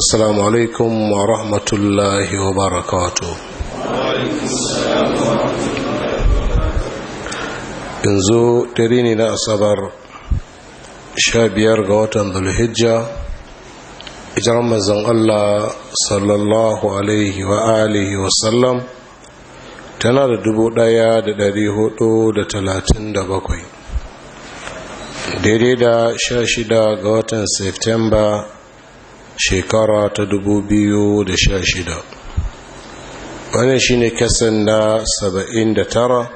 السلام عليكم ورحمة الله وبركاته inzo dare ne na asabar sha biyar ga watan zulhijja ijar mazan allah sallallahu alaihi wa alihi sallam tana da dubu daya da dari hudu da talatin da bakwai daidai da sha shida ga watan september shekara ta dubu biyu da sha shida. wannan shine kasan na saba'in da tara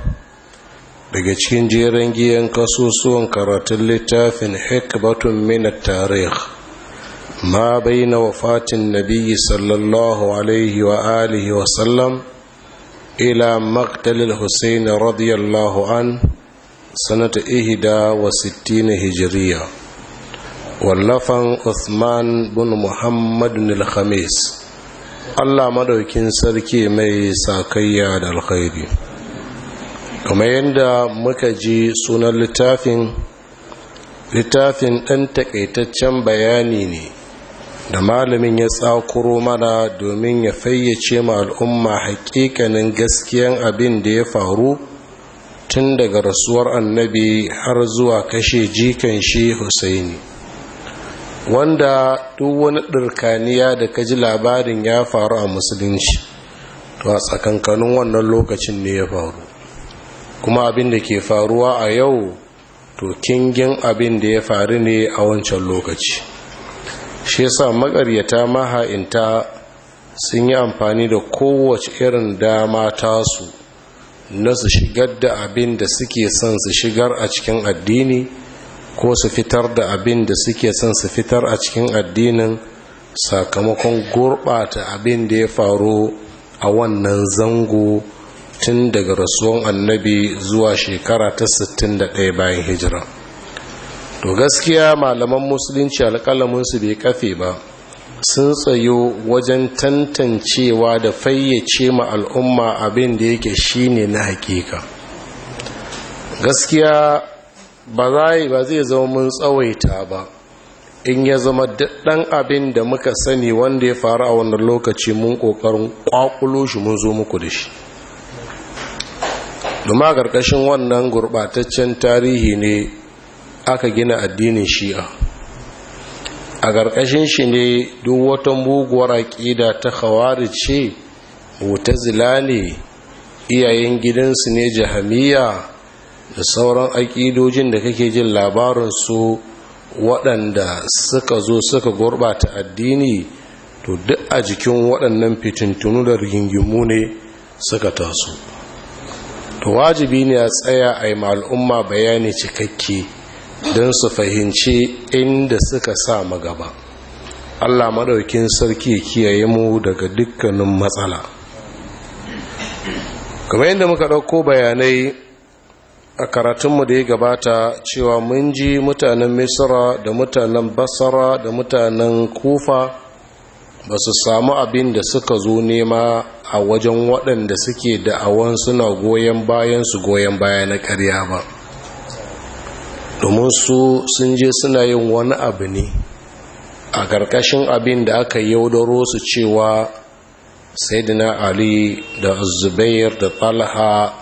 daga cikin jerin giyan kasusuwan karatun littafin hikbatun Minna tarih ma bai baina wafatin Nabiyyu sallallahu alaihi wa alihi wa sallam ila maqtalil husaini radiyallahu an sanata ihda wa sittina hijiriya wallafan Usman bin Muhammad al Allah madaukin sarki mai sakayya da alkhairi kamar yadda muka ji sunan littafin littafin ɗan takaitaccen bayani ne da malamin ya tsakuro mana domin ya fayyace ma al'umma hakikanin gaskiyan abin da ya faru tun daga rasuwar annabi har zuwa kashe jikan shi husaini wanda duk wani ɗirkaniya da ka ji labarin ya faru a musulunci to a tsakankanin wannan lokacin ne ya faru kuma abin da ke faruwa a yau to kingin abin da ya faru ne a wancan lokaci shi yasa maƙaryata maha'inta sun yi amfani da kowace irin dama tasu na su shigar da abin da suke son su shigar a cikin addini ko su fitar da abin da suke son su fitar a cikin addinin sakamakon gurɓata abin da ya faru a wannan zango tun daga rasuwan annabi zuwa shekara ta 61 bayan hijira to gaskiya malaman musulunci su bai kafe ba sun tsayo wajen tantancewa da fayyace ma al'umma abin da yake shine na hakika gaskiya ba ba zai zama mun tsawaita ba in ya zama ɗan abin da muka sani wanda ya faru a wannan lokaci mun ƙoƙarin ƙwaƙulo shi mun zo muku da shi domin ƙarƙashin wannan gurɓataccen tarihi ne aka gina addinin shi'a a ƙarƙashin shi ne duk wata muguwar aƙida ta hawari ce mutazila ne iyayen gidansu ne jahamiya da sauran aƙidojin da kake jin labarin su waɗanda suka zo suka gurɓata addini to duk a jikin waɗannan fitintunu da rigingimu ne suka taso to wajibi ne a tsaya a yi al'umma bayani cikakke don su fahimci inda suka sa magaba allah maɗaukin sarki kiyaye mu daga dukkanin matsala kamar yadda muka ɗauko bayanai a karatunmu da ya gabata cewa mun ji mutanen misra da mutanen basara da mutanen kufa ba su samu abin da suka zo nema a wajen waɗanda suke da'awan suna goyon bayan su goyon baya na karya ba domin su sun je suna yin wani abu ne a ƙarƙashin abin da aka yaudaro su cewa saidina ali da zubair da talha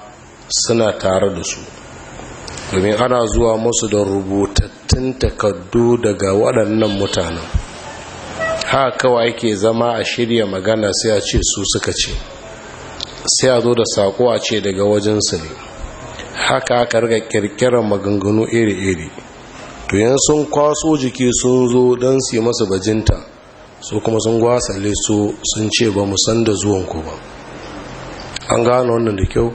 suna tare da su domin ana zuwa musu da rubutattun takardu daga waɗannan mutanen haka kawai ke zama a shirya magana sai a ce su suka ce sai a zo da saƙo a ce daga wajensu ne haka aka riga kirkirar maganganu iri-iri to yin sun kwaso jiki sun zo don su yi masa bajinta su kuma sun gwasa su sun ce ba mu san da zuwanku ba an gano wannan da kyau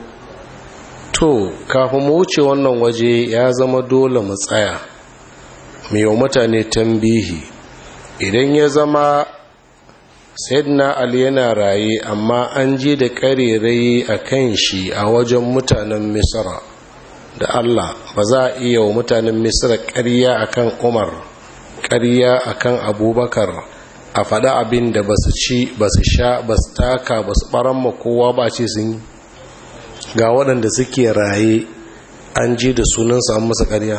to kafin mu wuce wannan waje ya zama dole mu tsaya wa mutane tambihi idan ya zama sayyidina ali yana raye amma an je da karerai a kan shi a wajen mutanen misra da allah ba za a iya wa mutanen misra karya akan umar karya akan abubakar a faɗa abin da ba su ci ba su sha ba su taka ba su ɓaran ma kowa ba ce sun yi ga waɗanda suke raye an ji da sunan samun masa ƙarya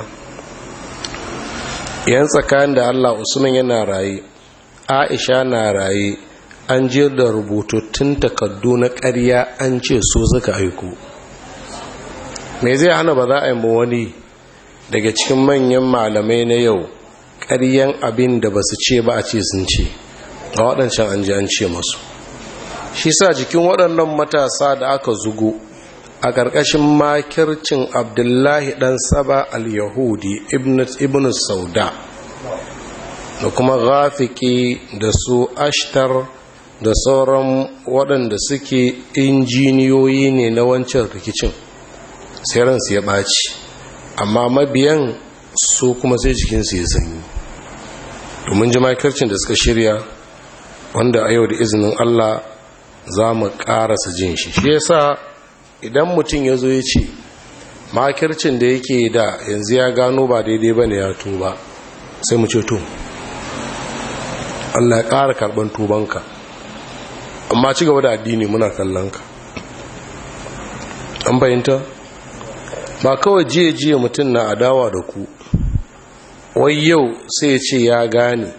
yan tsakanin da allah usman yana raye aisha na raye an je da tun takardu na ƙarya an ce so suka aiko me zai hana ba za a yi wani daga cikin manyan malamai na yau karyan abin da ba su ce ba a ce sun ce Ga waɗancan an ji an ce masu shi sa jikin waɗannan matasa da aka zugo a ƙarƙashin makircin abdullahi ɗan saba al-yahudi ibn sauda da kuma gafiki da su ashtar da sauran waɗanda suke injiniyoyi ne na wancan rikicin sai su ya ɓaci amma mabiyan su kuma sai jikinsu ya sanyi domin ji makircin da suka shirya wanda a yau da izinin allah za mu ƙarasa jin shi shi ya sa. idan mutum ya zo ya ce makircin da yake da yanzu ya gano ba daidai ba ne ya tuba sai mu ce to allah ya ƙara karɓar tubanka amma ci gaba da addini muna kallon ka an fahimta ba kawai jiye-jiye mutum na adawa da ku wai yau sai ce ya gane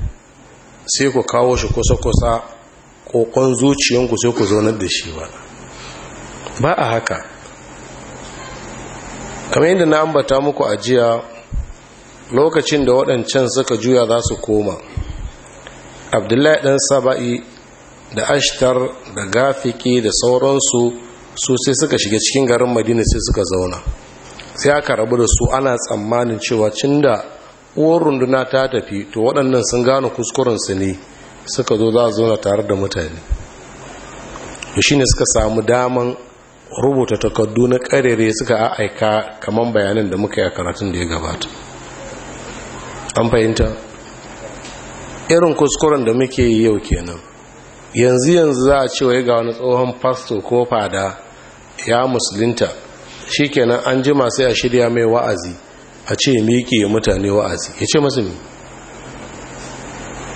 sai ku kawo shi kusa-kusa kokon zuciyanku sai ku zaunar da shi ba ba a haka kamar yadda na ambata muku ajiya lokacin da waɗancan suka juya za su koma abdullahi ɗan saba'i da ashtar da gafiki da sauransu su sai suka shiga cikin garin madina sai suka zauna sai aka rabu da su ana tsammanin cewa cin da uwar runduna ta tafi to waɗannan sun gane kuskurensu ne suka zo za a zauna tare da mutane da shi ne suka samu daman rubuta takardu na karere suka aika kamar bayanan da muka yi a karatun da ya gabata an fahimta irin kuskuren da muke yi yau kenan yanzu yanzu za a cewa ga wani tsohon fasto ko fada ya musulinta. shi kenan an jima sai a shirya mai wa'azi a ce miƙe mutane wa'azi ya ce masu ne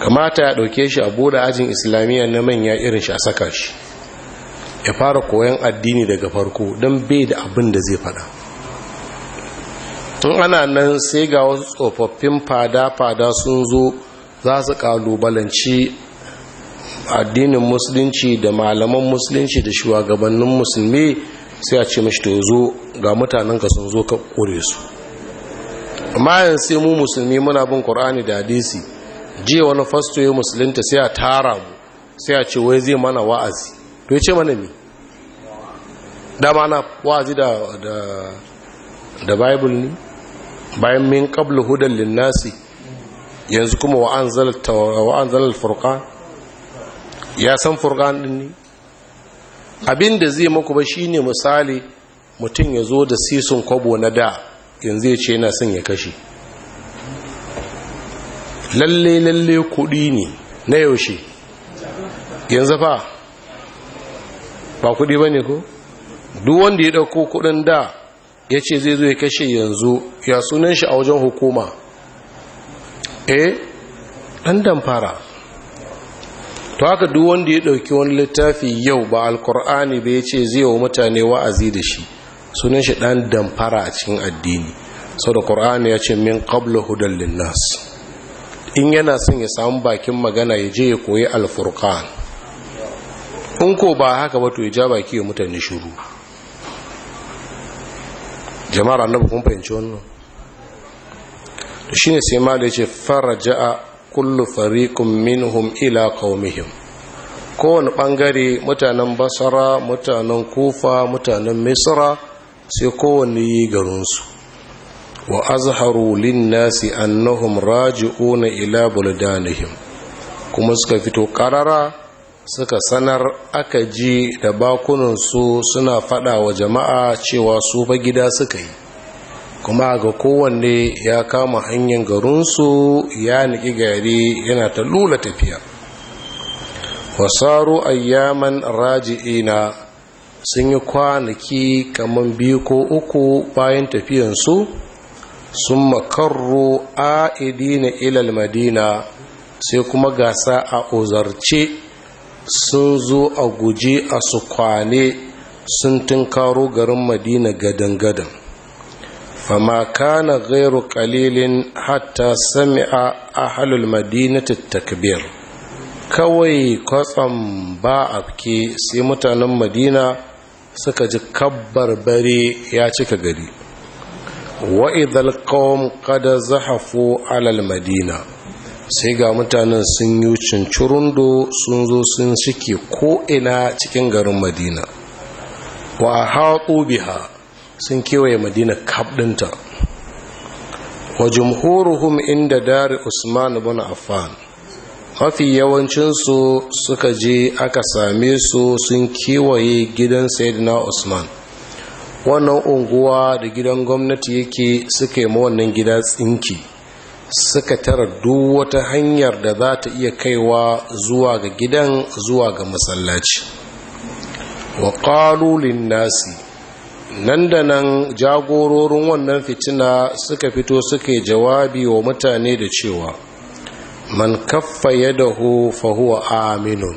kamata ya ɗauke shi a buɗe ajin islamiyya na manya irin shi a saka shi ya fara koyon addini daga farko don bai da abin da zai fada tun ana nan sai ga wasu tsofaffin fada-fada sun zo za su kalubalanci addinin musulunci da malaman musulunci da shugabannin musulmi sai a ce mashi to zo ga mutanen ka sun zo ka kore su amma yin sai mu musulmi muna bin ƙorani da hadisi jiya wani fasto ya musulunta sai a tara mu sai a ce wai zai mana wa'azi to ya ce mana ne dama na wazi da da bible ne bayan min qablu hudan linnasi yanzu kuma wa anzal wa anzal ya san furqan din ne abinda zai maku ba shine misali mutum ya zo da sisun kwabo na da yanzu ya ce yana son ya kashe lalle lalle kudi ne na yaushe yanzu fa ba kudi bane ko duk wanda ya ɗauko kuɗin da ya ce zai zo ya kashe yanzu ya sunan shi a wajen hukuma eh ɗan damfara to haka duk wanda ya ɗauki wani littafi yau ba alkur'ani ba ya ce zai wa mutane wa'azi da shi sunan shi ɗan damfara a cikin addini sau da ƙur'ani ya ce min qabla hudan linnas in yana son ya samu bakin magana ya je ya koyi alfurkan in ko ba haka ba to ya ja baki ya mutane shuru jama'ar annabu kuma fahimci wannan ne sai ma da yace faraja'a kullu fariƙun minhum ila qaumihim kowane ɓangare, mutanen basara mutanen kufa mutanen misra sai kowane yi garinsu wa azharu linnasi annahum raji'una ila buldanihim kuma suka fito ƙarara. suka sanar aka ji da bakunansu suna fada wa jama'a cewa su ba gida suka yi kuma ga kowanne ya kama hanyar garinsu ya niki gari yana ta lula tafiya wasaru ayyaman raji'ina sun yi kwanaki kamar biyu ko uku bayan tafiyansu sun makarro idina ilal madina sai kuma gasa a ozarce sun zo a guje a su kwale sun tunkaro garin madina gadan-gadan fama kana gairu kalilin hatta sami'a ahalul ta takbir kawai kwatsam ba fike sai mutanen madina suka ji kabbar bare ya cika gari idan qawm kada zahafo alal madina sai ga mutanen sun yi curundu sun zo sun suke ko'ina cikin garin madina wa haɗo biha sun kewaye madina kaɗinta wa jumhuruhum inda dari usman bin affan mafi yawancinsu suka je aka same su sun kewaye gidan sayyidina usman wannan unguwa da gidan gwamnati yake suka yi wannan gida tsinki suka tara duk wata hanyar da za ta iya kaiwa zuwa ga gidan zuwa ga masallaci wa ƙalulin nasi nan da nan jagororin wannan fitina suka fito suke jawabi wa mutane da cewa man kaffa yadahu fahuwa aminun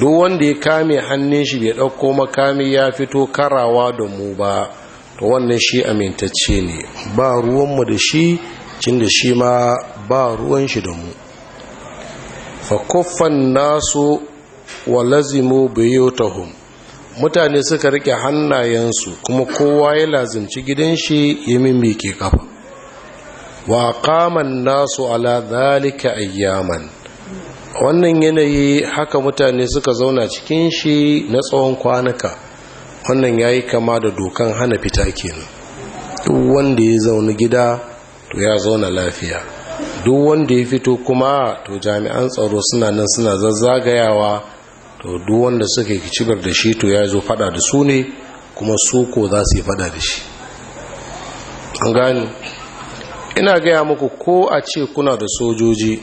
duk wanda ya kame hannun shi bai ɗauko makami ya fito karawa da mu ba to wannan shi amintacce ne ba ruwanmu da shi cin da shi ma ba ruwan shi da mu fakuffan nasu wa lazimu biyotahum mutane suka rike hannayensu kuma kowa ya lazimci gidan shi ya mimike kafa wa nasu ala dhalika ayyaman wannan yanayi haka mutane suka zauna cikin shi na tsawon kwanaka wannan yayi kama da dokan hana fita kenan duk wanda ya zauna gida to ya zauna lafiya duk wanda ya fito kuma to jami'an tsaro suna nan suna zazzagayawa to duk wanda suka cibar da shi to ya zo fada da su ne kuma su ko za su yi fada da shi an gani ina gaya muku ko a ce kuna da sojoji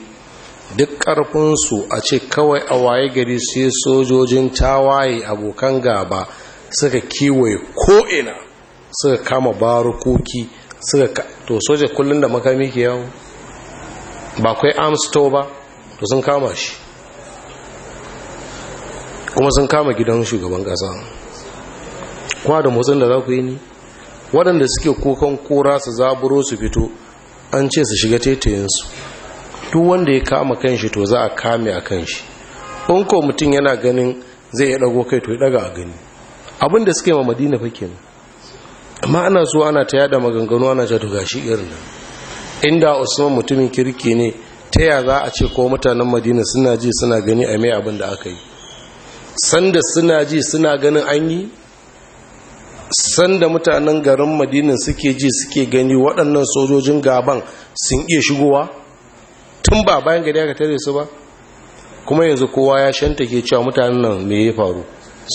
duk ƙarfinsu a ce kawai a waye gari sai sojojin tawaye abokan gaba suka kiwaye ko'ina suka kama barukoki suka to soja kullum da makami ke yawo ba kai amsto ba to sun kama shi kuma sun kama gidan shugaban kasa kuma da motsin da za ku yi ni waɗanda suke kokon kora su zaburo su fito an ce su shiga tetayinsu, duk wanda ya kama kanshi to za a kame a kan shi ko mutum yana ganin zai ya ɗago kai to ya ɗaga a gani abinda suke ma madina fa kenan ma'ana ana ana ta yada maganganu ana ta duga shi irin nan inda usman mutumin kirki ne ta ya za a ce ko mutanen madina suna ji suna gani a mai abin da aka yi sanda suna ji suna ganin an yi sanda mutanen garin madina suke ji suke gani waɗannan sojojin gaban sun iya shigowa tun ba bayan gari aka tare su ba kuma yanzu kowa ya shanta ke cewa mutanen nan me ya faru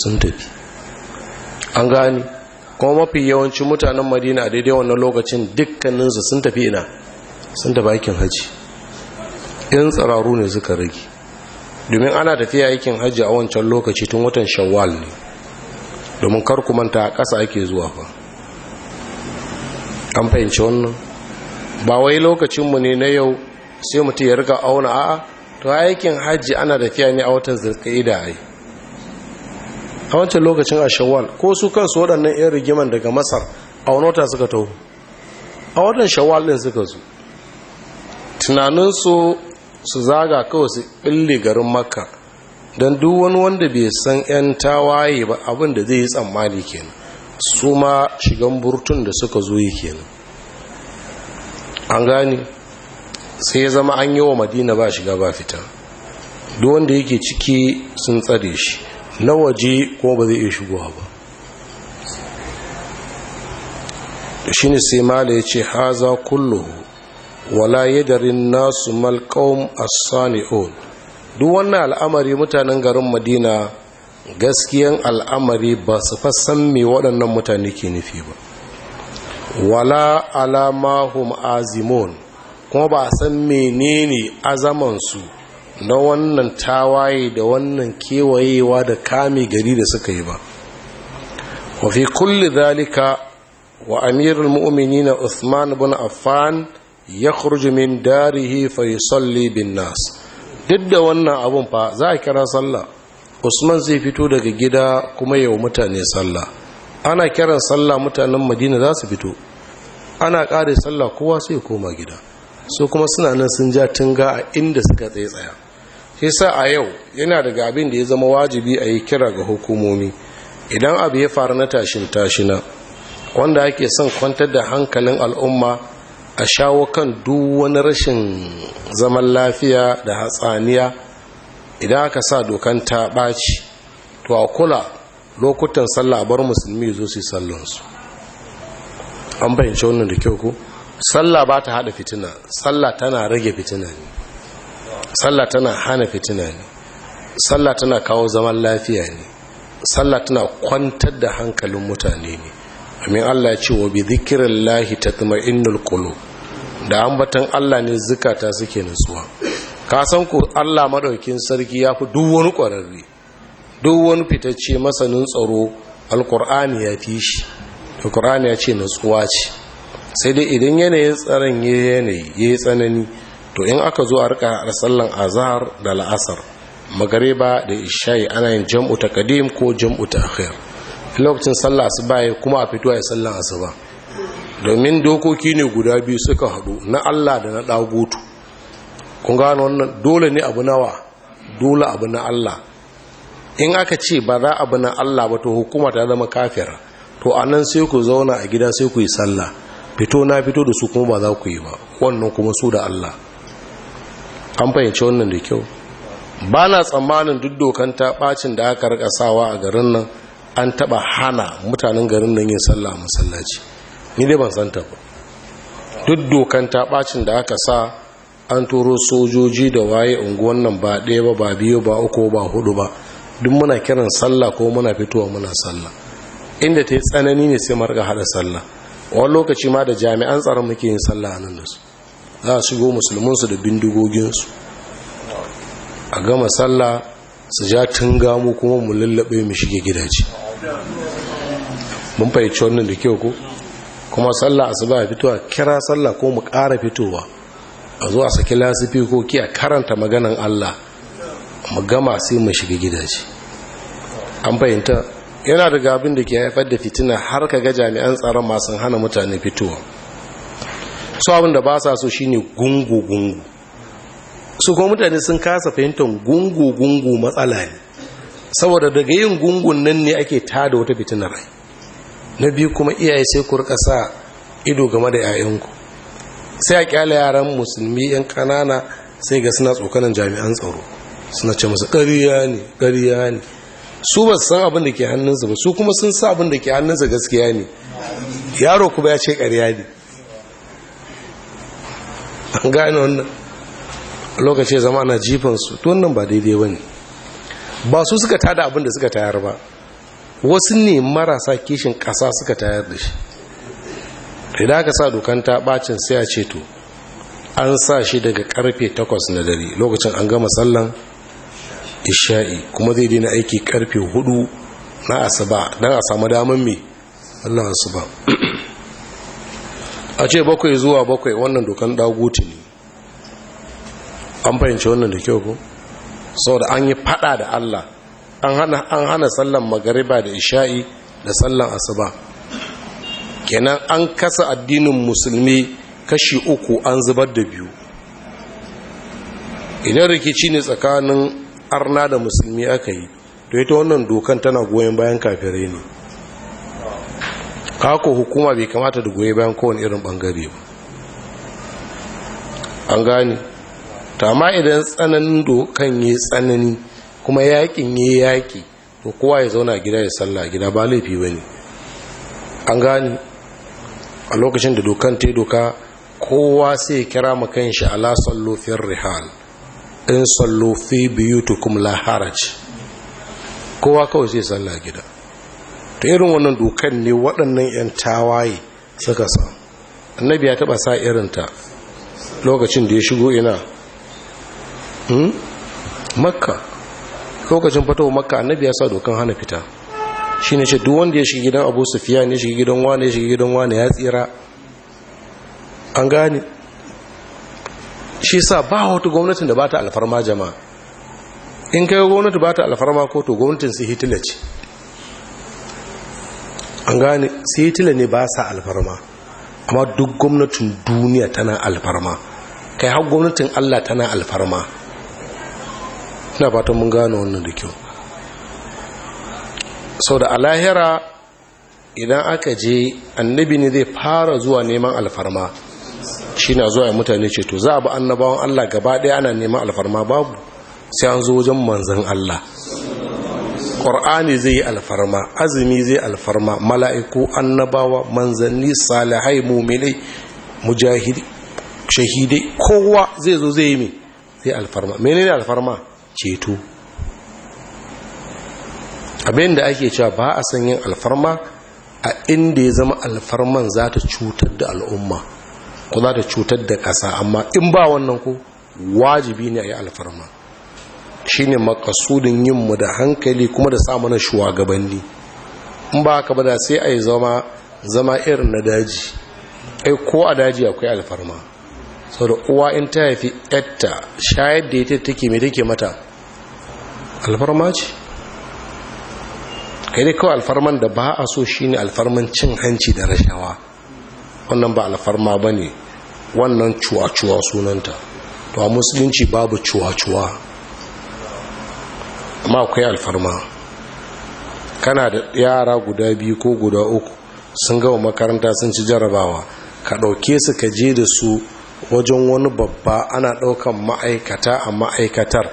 sun tafi an gani kuma mafi yawancin mutanen madina a daidai wannan lokacin dukkaninsu sun tafi ina sun tafi aikin haji. yan tsararu ne suka rage domin ana tafiya aikin haji a wancan lokaci tun watan shawwal ne domin kar ku manta a ƙasa ake zuwa fa an fahimci wannan ba wai lokacinmu ne na yau sai mutum ya riga auna a'a to aikin haji ana tafiya ne a watan zulqa'ida ai a wancan lokacin a shawwal ko su kansu waɗannan 'yan rigiman daga masar a wani wata suka taho a waɗannan shawwal ɗin suka zo tunaninsu su zaga kawai su ɓille garin makka don duk wani wanda bai san 'yan tawaye ba abinda zai yi tsammani kenan su ma shigan burtun da suka zo yi kenan an gani sai ya zama an yi wa madina ba shiga ba fita duk wanda yake ciki sun tsare shi na waje ko ba zai iya shigowa ba shi ne sai mala ya ce haza kulluhu wala yadarin nasu malkaum Sani duk wannan al'amari mutanen garin madina gaskiyan al'amari ba su fassan mai waɗannan mutane ke nufi ba wala alamahum azimun kuma ba a san menene azamansu na wannan tawaye da wannan kewayewa da kame gari da suka yi ba wa fi kulli zalika wa amirul mu'minina Usman ibn Affan ya khurju min darihi fa yusalli bin nas duk da wannan abun fa za a kira sallah Usman zai fito daga gida kuma yau mutane sallah ana kiran sallah mutanen Madina za su fito ana ƙare sallah kowa sai koma gida su kuma suna nan sun ja tunga a inda suka tsaye tsaya hisa a yau yana daga abin da ya zama wajibi a yi kira ga hukumomi idan abu ya faru na tashin tashina wanda ake son kwantar da hankalin al'umma a shawo kan duk wani rashin zaman lafiya da hatsaniya idan aka sa dokan ta ɓaci to a kula lokutan sallah bar musulmi zo su sallansu an bayyance wannan da kyau ko sallah ba ta haɗa fitina sallah tana rage fitina ne sallah tana hana fitina ne sallah tana kawo zaman lafiya ne sallah tana kwantar da hankalin mutane ne amin Allah ya ce wa bi zikrillahi tatma'innul kulu da ambatan Allah ne zukata suke nutsuwa ka san ku Allah madaukin sarki ya fi duk wani ƙwararre. duk wani fitacce masanin tsaro Alƙur'ani ya fi shi Alƙur'ani ya ce nutsuwa ce sai dai idan yanayin tsaron ya yanayi yayi tsanani to in aka zo a rika sallan azhar da la'asar magariba da isha'i ana yin jam'u ta kadim ko jam'u ta akhir lokacin sallah asuba kuma a fito ya sallan asuba domin dokoki ne guda biyu suka hadu na Allah da na dagutu kun gano wannan dole ne abu nawa dole abu na Allah in aka ce ba za abu na Allah ba to hukuma ta zama kafira to anan sai ku zauna a gida sai ku yi sallah fito na fito da su kuma ba za ku yi ba wannan kuma su da Allah an fahimci wannan da kyau ba na tsammanin duk dokan ta bacin da aka rika sawa a garin nan an taba hana mutanen garin nan yin sallah a masallaci ni dai ban santa ba duk dokan ta bacin da aka sa an turo sojoji da waye unguwan nan ba ɗaya ba ba biyu ba uku ba hudu ba duk muna kiran sallah ko muna fitowa muna sallah inda ta yi tsanani ne sai marga haɗa sallah wani lokaci ma da jami'an tsaron muke yin sallah a nan da su za su shigo musulmansu da bindigoginsu a gama sallah su ja tun gamo kuma mu lullaɓe mu shige gidaje mun fahimci wannan da kyau ko kuma sallah asuba ya fitowa kira sallah ko mu ƙara fitowa a zo a saki lasifi ko kiya karanta maganan Allah mu gama sai mu shiga gidaje an fahimta yana daga abin da ke haifar da fitina har ka ga jami'an tsaron masu hana mutane fitowa su abin da ba sa so shine gungu-gungu su kuma mutane sun kasa fahimtar gungu-gungu matsala ne saboda daga yin gungu nan ne ake tada wata fitinar na biyu kuma iyaye sai ku rika sa ido game da 'ya'yanku sai a kyale yaran musulmi 'yan kanana sai ga suna tsokanan jami'an tsaro suna ce musu ƙariya ne ƙariya ne su ba san abin da ke hannunsa ba su kuma sun sa abin da ke hannunsa gaskiya ne yaro kuma ya ce ƙarya ne An gane wannan lokaci zama na jifansu to wannan ba daidai ba ne ba su suka tada abin da suka tayar ba wasu ne marasa kishin ƙasa suka tayar da shi idan aka sa dokan ta bacin sai a ce to an sa shi daga karfe 8 na dare lokacin an gama sallan isha'i kuma zai daina aiki karfe 4 na asuba don a samu damar mai Allah asuba a ce bakwai zuwa bakwai wannan dokan daguti ne an fahimci wannan da kyau ko saboda an yi fada da Allah an hana sallan magariba da isha'i da sallan asuba kenan an kasa addinin musulmi kashi uku an zubar da biyu idan rikici ne tsakanin arna da musulmi aka yi to ita wannan dokan tana goyon bayan kafirai ne kako hukuma bai kamata da goye bayan kowane irin bangare ba an gane ta ma idan tsananin dokan yi tsanani kuma yakin yi yaki to kowa ya zauna gida ya salla gida ba laifi ba ne an gani. a lokacin da dokan ta doka kowa sai kira makan shi ala sallofin rihal in sallofi biyu biyu tukum la haraj kowa kawai sai salla gida ta irin wannan dokan ne waɗannan 'yan tawaye suka sa annabi ya taɓa sa irinta lokacin da ya shigo ina hmm? makka lokacin fatawa makka annabi ya sa dokan hana fita shi ne shi duk wanda ya shiga gidan abu sufiya ne shiga gidan wane ya shiga gidan wane ya tsira an gane shi sa ba wata gwamnatin da ba ta alfarma jama'a in kai gwamnati ba ta alfarma ko to gwamnatin su hitila ce an gane sitila ne ba sa alfarma amma duk gwamnatin duniya tana alfarma kai har gwamnatin allah tana alfarma ina fatan mun gane wannan da kyau sau da alahira idan aka je annabi ne zai fara zuwa neman alfarma shi na zuwa mutane ce to za a bi annabawan allah gaba ɗaya ana neman alfarma babu sai an zo wajen manzan allah ƙor'ani zai yi alfarma azumi zai alfarma mala'iku annabawa manzanni salihai muminai mujahidi shahidai kowa zai zo zai yi mai zai alfarma mene ne alfarma ceto abin da ake cewa ba a san yin alfarma a inda ya zama alfarman za ta cutar da al'umma ko za ta cutar da ƙasa amma in ba wannan ko wajibi ne a yi alfarma shine makasudin yin mu da hankali kuma da samu na shugabanni in ba haka ba da sai a yi zama zama irin na daji ai ko a daji akwai alfarma sau da uwa in ta haifi yatta shayar da ita take mai take mata alfarma ce kai ne kawai alfarman da ba a so shine alfarman cin hanci da rashawa wannan ba alfarma ba ne wannan cuwa-cuwa sunanta to a musulunci babu cuwa-cuwa amma akwai alfarma kana da yara guda biyu ko guda uku sun gama makaranta sun ci jarabawa ka ɗauke su ka je da su wajen wani babba ana ɗaukan ma'aikata a ma'aikatar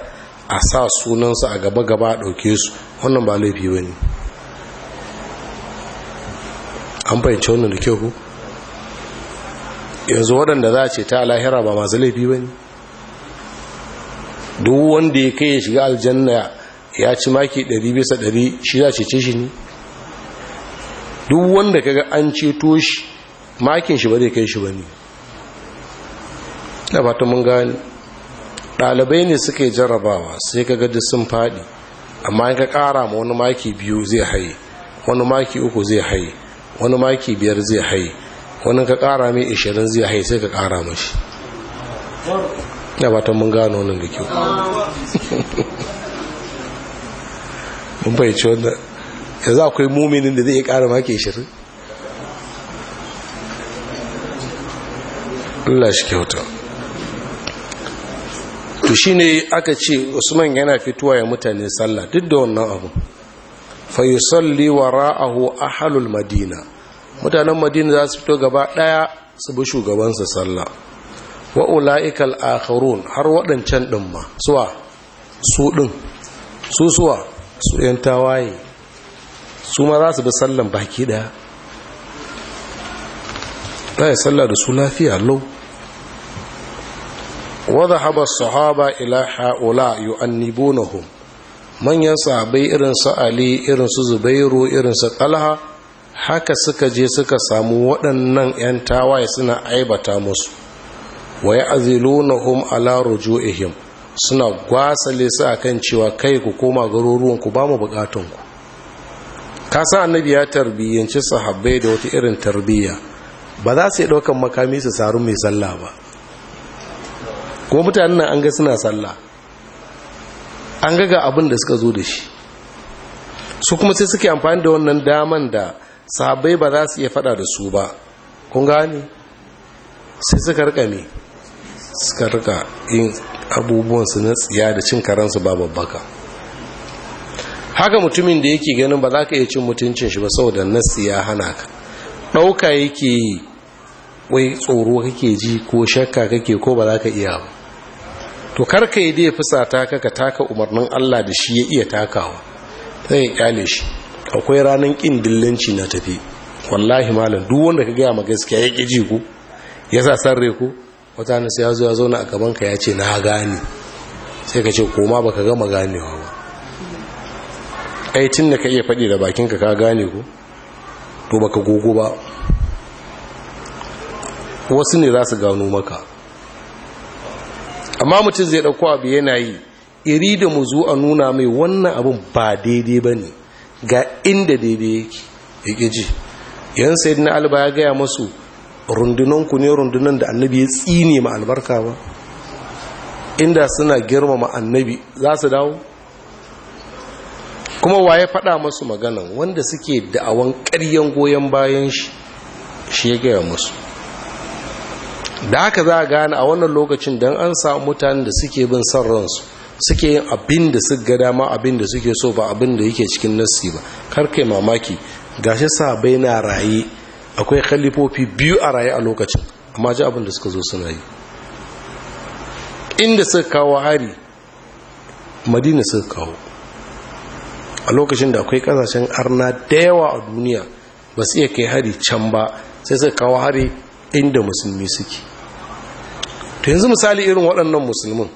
a sa sunansa a gaba-gaba a ɗauke su wannan ba laifi ba an fahimci wannan da kyau yanzu waɗanda za a ce ta lahira ba masu laifi ba ne duk wanda ya kai ya shiga aljanna ya ci maki 200 bisa shi za cece shi ne duk wanda kaga an ceto shi makin shi ba zai kai shi ba ne da mun gani ɗalibai ne suka yi jarrabawa sai kaga duk sun faɗi amma ka ƙara ma wani maki biyu zai haye wani maki uku zai haye wani maki biyar zai haye wani ka ƙara mai ishirin zai haye sai ka ƙara mashi da fata mun gano wannan da kyau mun fahimci wanda yanzu akwai muminin da zai iya ƙara make shirin Allah shi kyauta to shi ne aka ce usman yana fitowa ya mutane sallah duk da wannan abu fayusalli wa ra'ahu a halul madina mutanen madina za su fito gaba ɗaya su bi shugabansa sallah wa ula'ikal akharun har waɗancan ɗin ma suwa su ɗin su suwa su yan tawaye su ma za su bi sallan baki ɗaya. ta yi salla da su lafiya lau wadda haɓar sahaba ila ha'ula hun manyan sahabai irinsu su ali irin zubairu irinsu su talha haka suka je suka samu waɗannan 'yan tawaye suna aibata musu wa ya na hun ala ihim suna gwasale su kan cewa kai ku koma garuruwanku ku ba mu bukatunku ku sa annabi ya tarbiyyanci sahabbai da wata irin tarbiyya ba za su yi daukan makami su saru mai sallah ba kuma mutanen nan an ga suna sallah an ga ga abin da suka zo da shi su kuma sai suke amfani da wannan daman da sahabbai ba za su iya fada da su ba kun gane sai suka rika ne suka rika abubuwan su na tsiya da cin karansu ba babbaka haka mutumin da yake ganin ba za ka iya cin mutuncin shi ba saboda na ya hana ka ɗauka yake yi wai tsoro kake ji ko shakka kake ko ba za ka iya ba to karka yi dai fusata ka ka taka umarnin Allah da shi ya iya takawa ta yi kyale shi akwai ranar ƙin dillanci na tafi wallahi malam duk wanda ka gaya ma gaskiya ya ƙi ji ku ya sa sarre ku wata nasu ya zo ya zauna a gabanka ya ce na gane sai ka ce koma baka gama ganewa ba ai da ka iya faɗi da bakinka ka gane ku to baka gogo ba wasu ne za su gano maka amma mutum zai ɗauko abu yana yi iri da mu zo a nuna mai wannan abin ba daidai ba ne ga inda daidai yake yake ji yan sayid na alba ya gaya masu rundunanku ne rundunan da annabi ya tsini ma albarka ba inda suna girmama annabi za su dawo kuma waye faɗa masu magana wanda suke da'awan ƙaryen goyon bayan shi shi ya gaya musu da haka za a gane a wannan lokacin don an samu mutanen da suke bin son ransu suke yin abin da su ga dama abin da suke so ba abin da yake cikin nassi ba karkai mamaki gashi sabai na raye akwai khalifofi biyu a raye a lokacin amma ji abinda suka zo suna yi inda suka kawo hari madina suka kawo a lokacin da akwai kasashen arna da a duniya ba su iya kai hari can ba sai suka kawo hari inda musulmi suke to yanzu misali irin waɗannan musulmin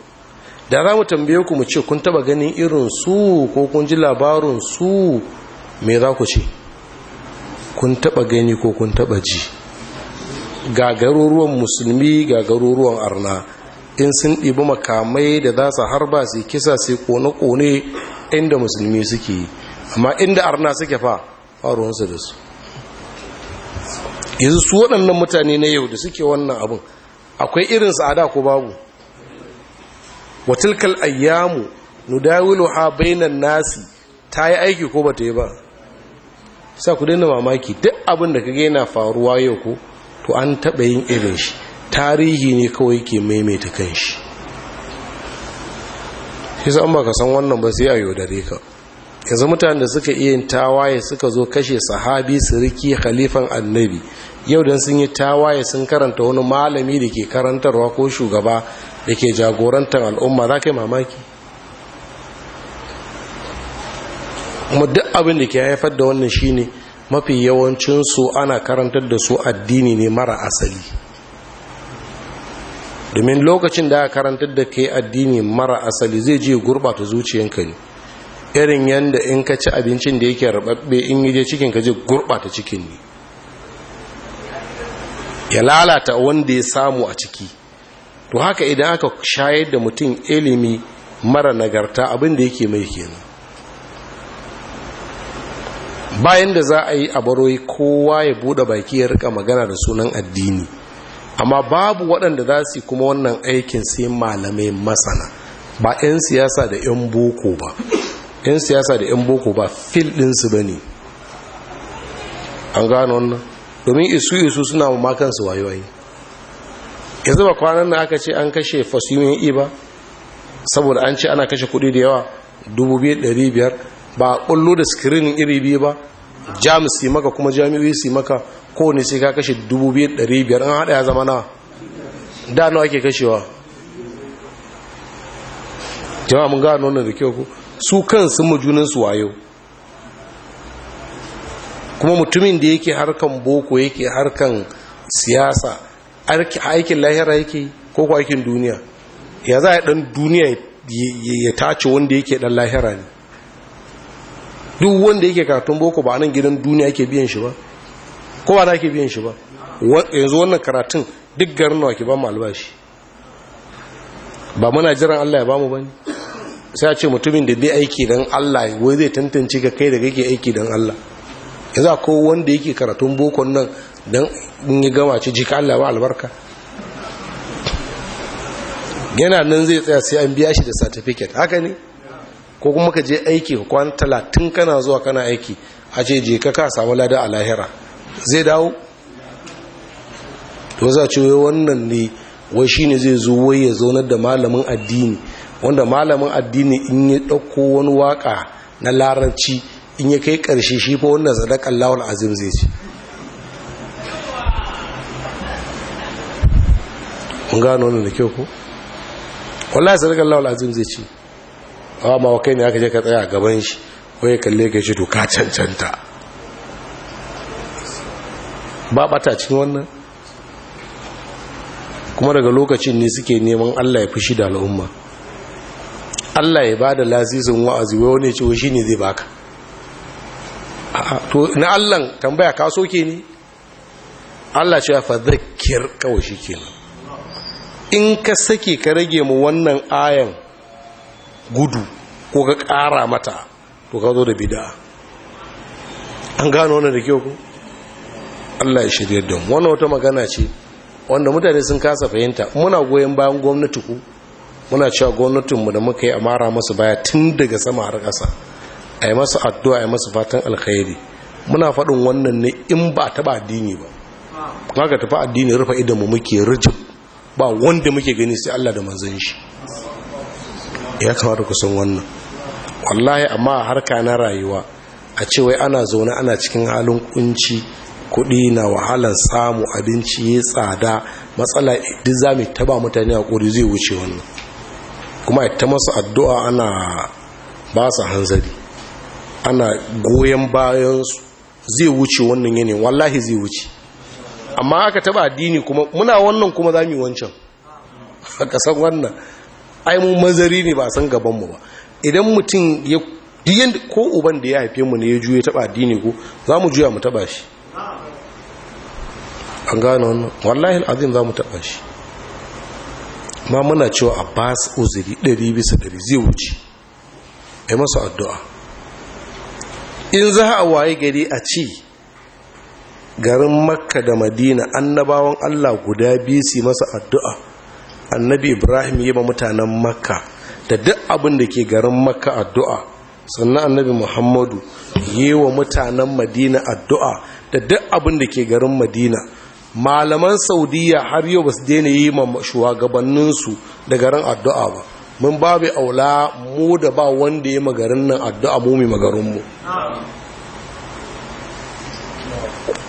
da za mu tambaye ku mu ce kun taba ganin irin su ko kun ji labarin su me za ku ce kun taba gani ko kun taba ji Gagaruruwan musulmi gagaruruwan arna in sun ɗibi makamai da za su harba su kisa su kone-kone inda musulmi suke yi amma inda arna suke fa faruwansu da su yanzu su waɗannan mutane na yau da suke wannan abin akwai irin tsada ko babu watilkal ayyamu nudawilu ha bainan nasi ta yi aiki ko ba ta yi ba sa ku daina mamaki duk abin da kage yana faruwa yau ko to an taɓa yin irin shi tarihi ne kawai ke maimaita kan shi shi sa an baka san wannan ba sai a yaudare ka yanzu mutanen da suka iya yin tawaye suka zo kashe sahabi siriki khalifan annabi yau dan sun yi tawaye sun karanta wani malami da ke karantarwa ko shugaba da ke jagorantar al'umma za ka yi mamaki kuma duk abin da ke haifar da wannan shine mafi yawancinsu ana karantar da su addini ne mara asali domin lokacin da aka karantar da ke addini mara asali zai je gurbata zuciyanka ne irin yadda in ka ci abincin da yake rababbe in yi je cikin ka je gurbata cikin ne ya lalata wanda ya samu a ciki to haka idan aka shayar da mutum ilimi mara nagarta abin da yake mai kenan bayan da za a yi a baroyi kowa ya bude baki ya rika magana da sunan addini amma babu waɗanda za su kuma wannan aikin sai malamai masana ba 'yan siyasa da 'yan boko ba 'yan siyasa da 'yan boko ba fil ɗinsu ba ne an gano wannan domin isu isu suna makansu wayoyi Ya ba kwanan na aka ce an kashe fasuyin iba e saboda an ce ana kashe kuɗi da yawa 2,500 ba kullu da screening iri biyu ba jami'u yi maka kuma jami'u su maka kowane sai ka kashe 2500 an haɗa ya zama na da nawa ake kashewa jama'a mun gano wannan da kyau ku su kan sun su wayo kuma mutumin da yake harkan boko yake harkan siyasa aikin lahira yake ko ko aikin duniya ya za a ɗan duniya ya tace wanda yake ɗan lahira ne duk wanda yake karatun boko ba nan gidan duniya ke biyan shi ba ko ba ke biyan shi ba yanzu wannan karatun duk garin nawa ke ba mu albashi ba muna jiran Allah ya ba mu bane sai a ce mutumin da bai aiki dan Allah wai zai tantance ka kai da kake aiki dan Allah yanzu ko wanda yake karatun boko nan dan in ya gama ci jika Allah ba albarka yana nan zai tsaya sai an biya shi da certificate haka ne ko kuma ka je aiki kwan talatin kana zuwa kana aiki a ce je ka kasa wala da alahira zai dawo to za ce wannan ne wai shi ne zai zo wai ya zaunar da malamin addini wanda malamin addini in ya ɗauko wani waka na larabci in ya kai ƙarshe shi fa wannan sadakan lawal azim zai ci mun gano wannan da kyau ko wallahi sadakan lawal azim zai ci amma wa kai ne aka je ka tsaya a gaban shi wai kalle ka ce to ka cancanta ba bata cikin wannan kuma daga lokacin ne suke neman Allah ya fushi da al'umma Allah ya bada lasisin wa'azi wai wani ce wai shine zai baka to na Allah tambaya ka soke ne Allah ce fa zakkir kawai shikenan in ka sake ka rage mu wannan ayan gudu ko ka kara mata to ka zo da bida an gano wannan da kyau ku Allah ya shirya don wannan wata magana ce wanda mutane sun kasa fahimta muna goyon bayan gwamnati ku muna cewa mu da muka yi amara mara baya tun daga sama har ƙasa ayi masa addu'a ayi masa fatan alkhairi muna faɗin wannan ne in ba ta taɓa addini ba kuma ka tafi addini rufe mu muke rijin ba wanda muke gani sai Allah da manzon shi ya kamata ku san wannan wallahi amma a harka na rayuwa a ce wai ana zaune ana cikin halin kunci kuɗi na wahalar samu abinci ya tsada matsala duk za mu taba mutane a ƙuri zai wuce wannan kuma ita masu addu'a ana ba su hanzari ana goyon su zai wuce wannan yanayin wallahi zai wuce amma aka taba addini kuma muna wannan kuma za mu yi wancan a kasan wannan ai mu mazari ne ba san gabanmu ba idan mutum ya diyan ko uban da ya haife mu ne ya juye taba addini ko za mu juya mu taba shi an gano wannan wallahi azim za mu taba shi ma muna cewa abbas uzuri 100 bisa 100 zai wuce ai masa addu'a in za a waye gari a ci garin makka da madina annabawan allah guda biyu su masa addu'a annabi ibrahim yi wa mutanen makka da duk abin da ke garin maka addu'a sannan annabi muhammadu yi wa mutanen madina addu'a da duk abin da ke garin madina malaman saudiya har yau ba su daina yi ma shugabanninsu da garin addu'a ba mun babu aula mu da ba wanda ya magarin nan addu'a mu mai magarinmu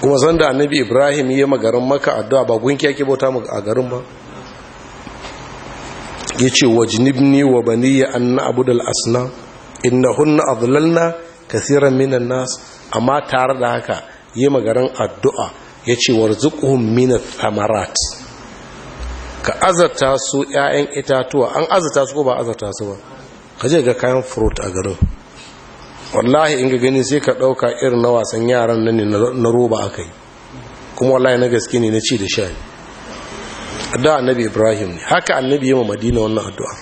kuma sanda annabi ibrahim ya magarin maka addu'a ba gunki ake bauta a garin ba ya ce wajinibni wa baniya an na abu asna inna hunna ka kathiran minan nas amma tare da haka yi magaran addu'a ya ce warzuquhum min thamarat ka azata su 'ya'yan itatuwa an azata su ko ba azata su ba ka je ga kayan fruit a garin wallahi in ga gani sai ka ɗauka irin na wasan yaran nan ne na roba aka yi kuma wallahi na gaske ne na ci da shayi. addu'a annabi ibrahim ne haka annabi yi ma madina wannan addu'a